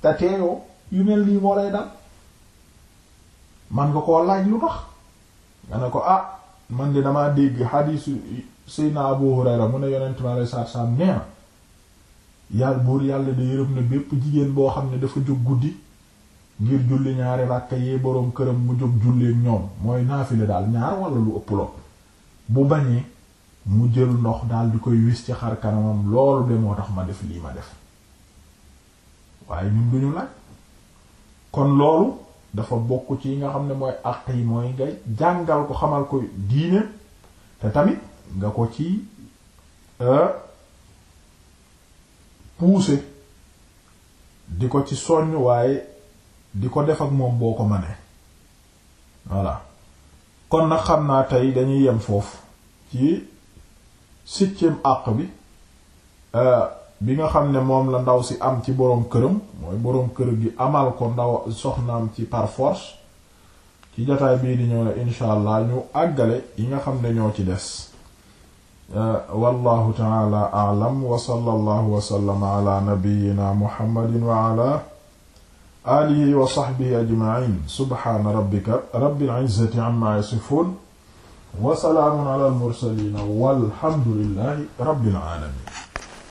te teeyoo yu mel nii moo lay dal man nga koo laaj lu tax nga ne ko ah man di damaa dégg xadiisu Seydina Abu Hurayra mu ne yonent mi alayhi salaatu salaam nee na yàlla buur yàlla de yërëm na bépp jigéen boo xam ne dafa jóg guddi ngir julli ñaari ràkka yee boroom këram mu jóg julleek ñoom mooy naafile daal ñaar wala lu ëpp lool bu bañee mu jël ndox daal di koy wis ci xar kanamam loolu de moo tax ma def lii ma def waaye ñun duñu laaj kon loolu dafa bokk ci yi nga xam ne mooy àq yi mooy nga jàngal ko xamal ko diine te tamit nga ko ci euh, pousser di ko ci soññ waaye di ko def ak moom boo ko mënee voilà kon nag xam naa tey dañuy yem foofu ci sixième àq bi euh, bi nga xam ne moom la ndaw si am ci boroom këram mooy boroom kër gi amal ko ndaw soxnaam ci par ci jotaay bii di ñëw ne incha allah ñu àggale yi nga xam ne ñoo ci des euh, wallahu taala aalam wa sallallahu wa sallama ala nabiyyina muhammadin wa ala alihi wa sahbihi ajma'in subhaana rabbika rabbil izzati amma yasifun wa salaamun ala al mursalin walhamdulillahi rabbil alamin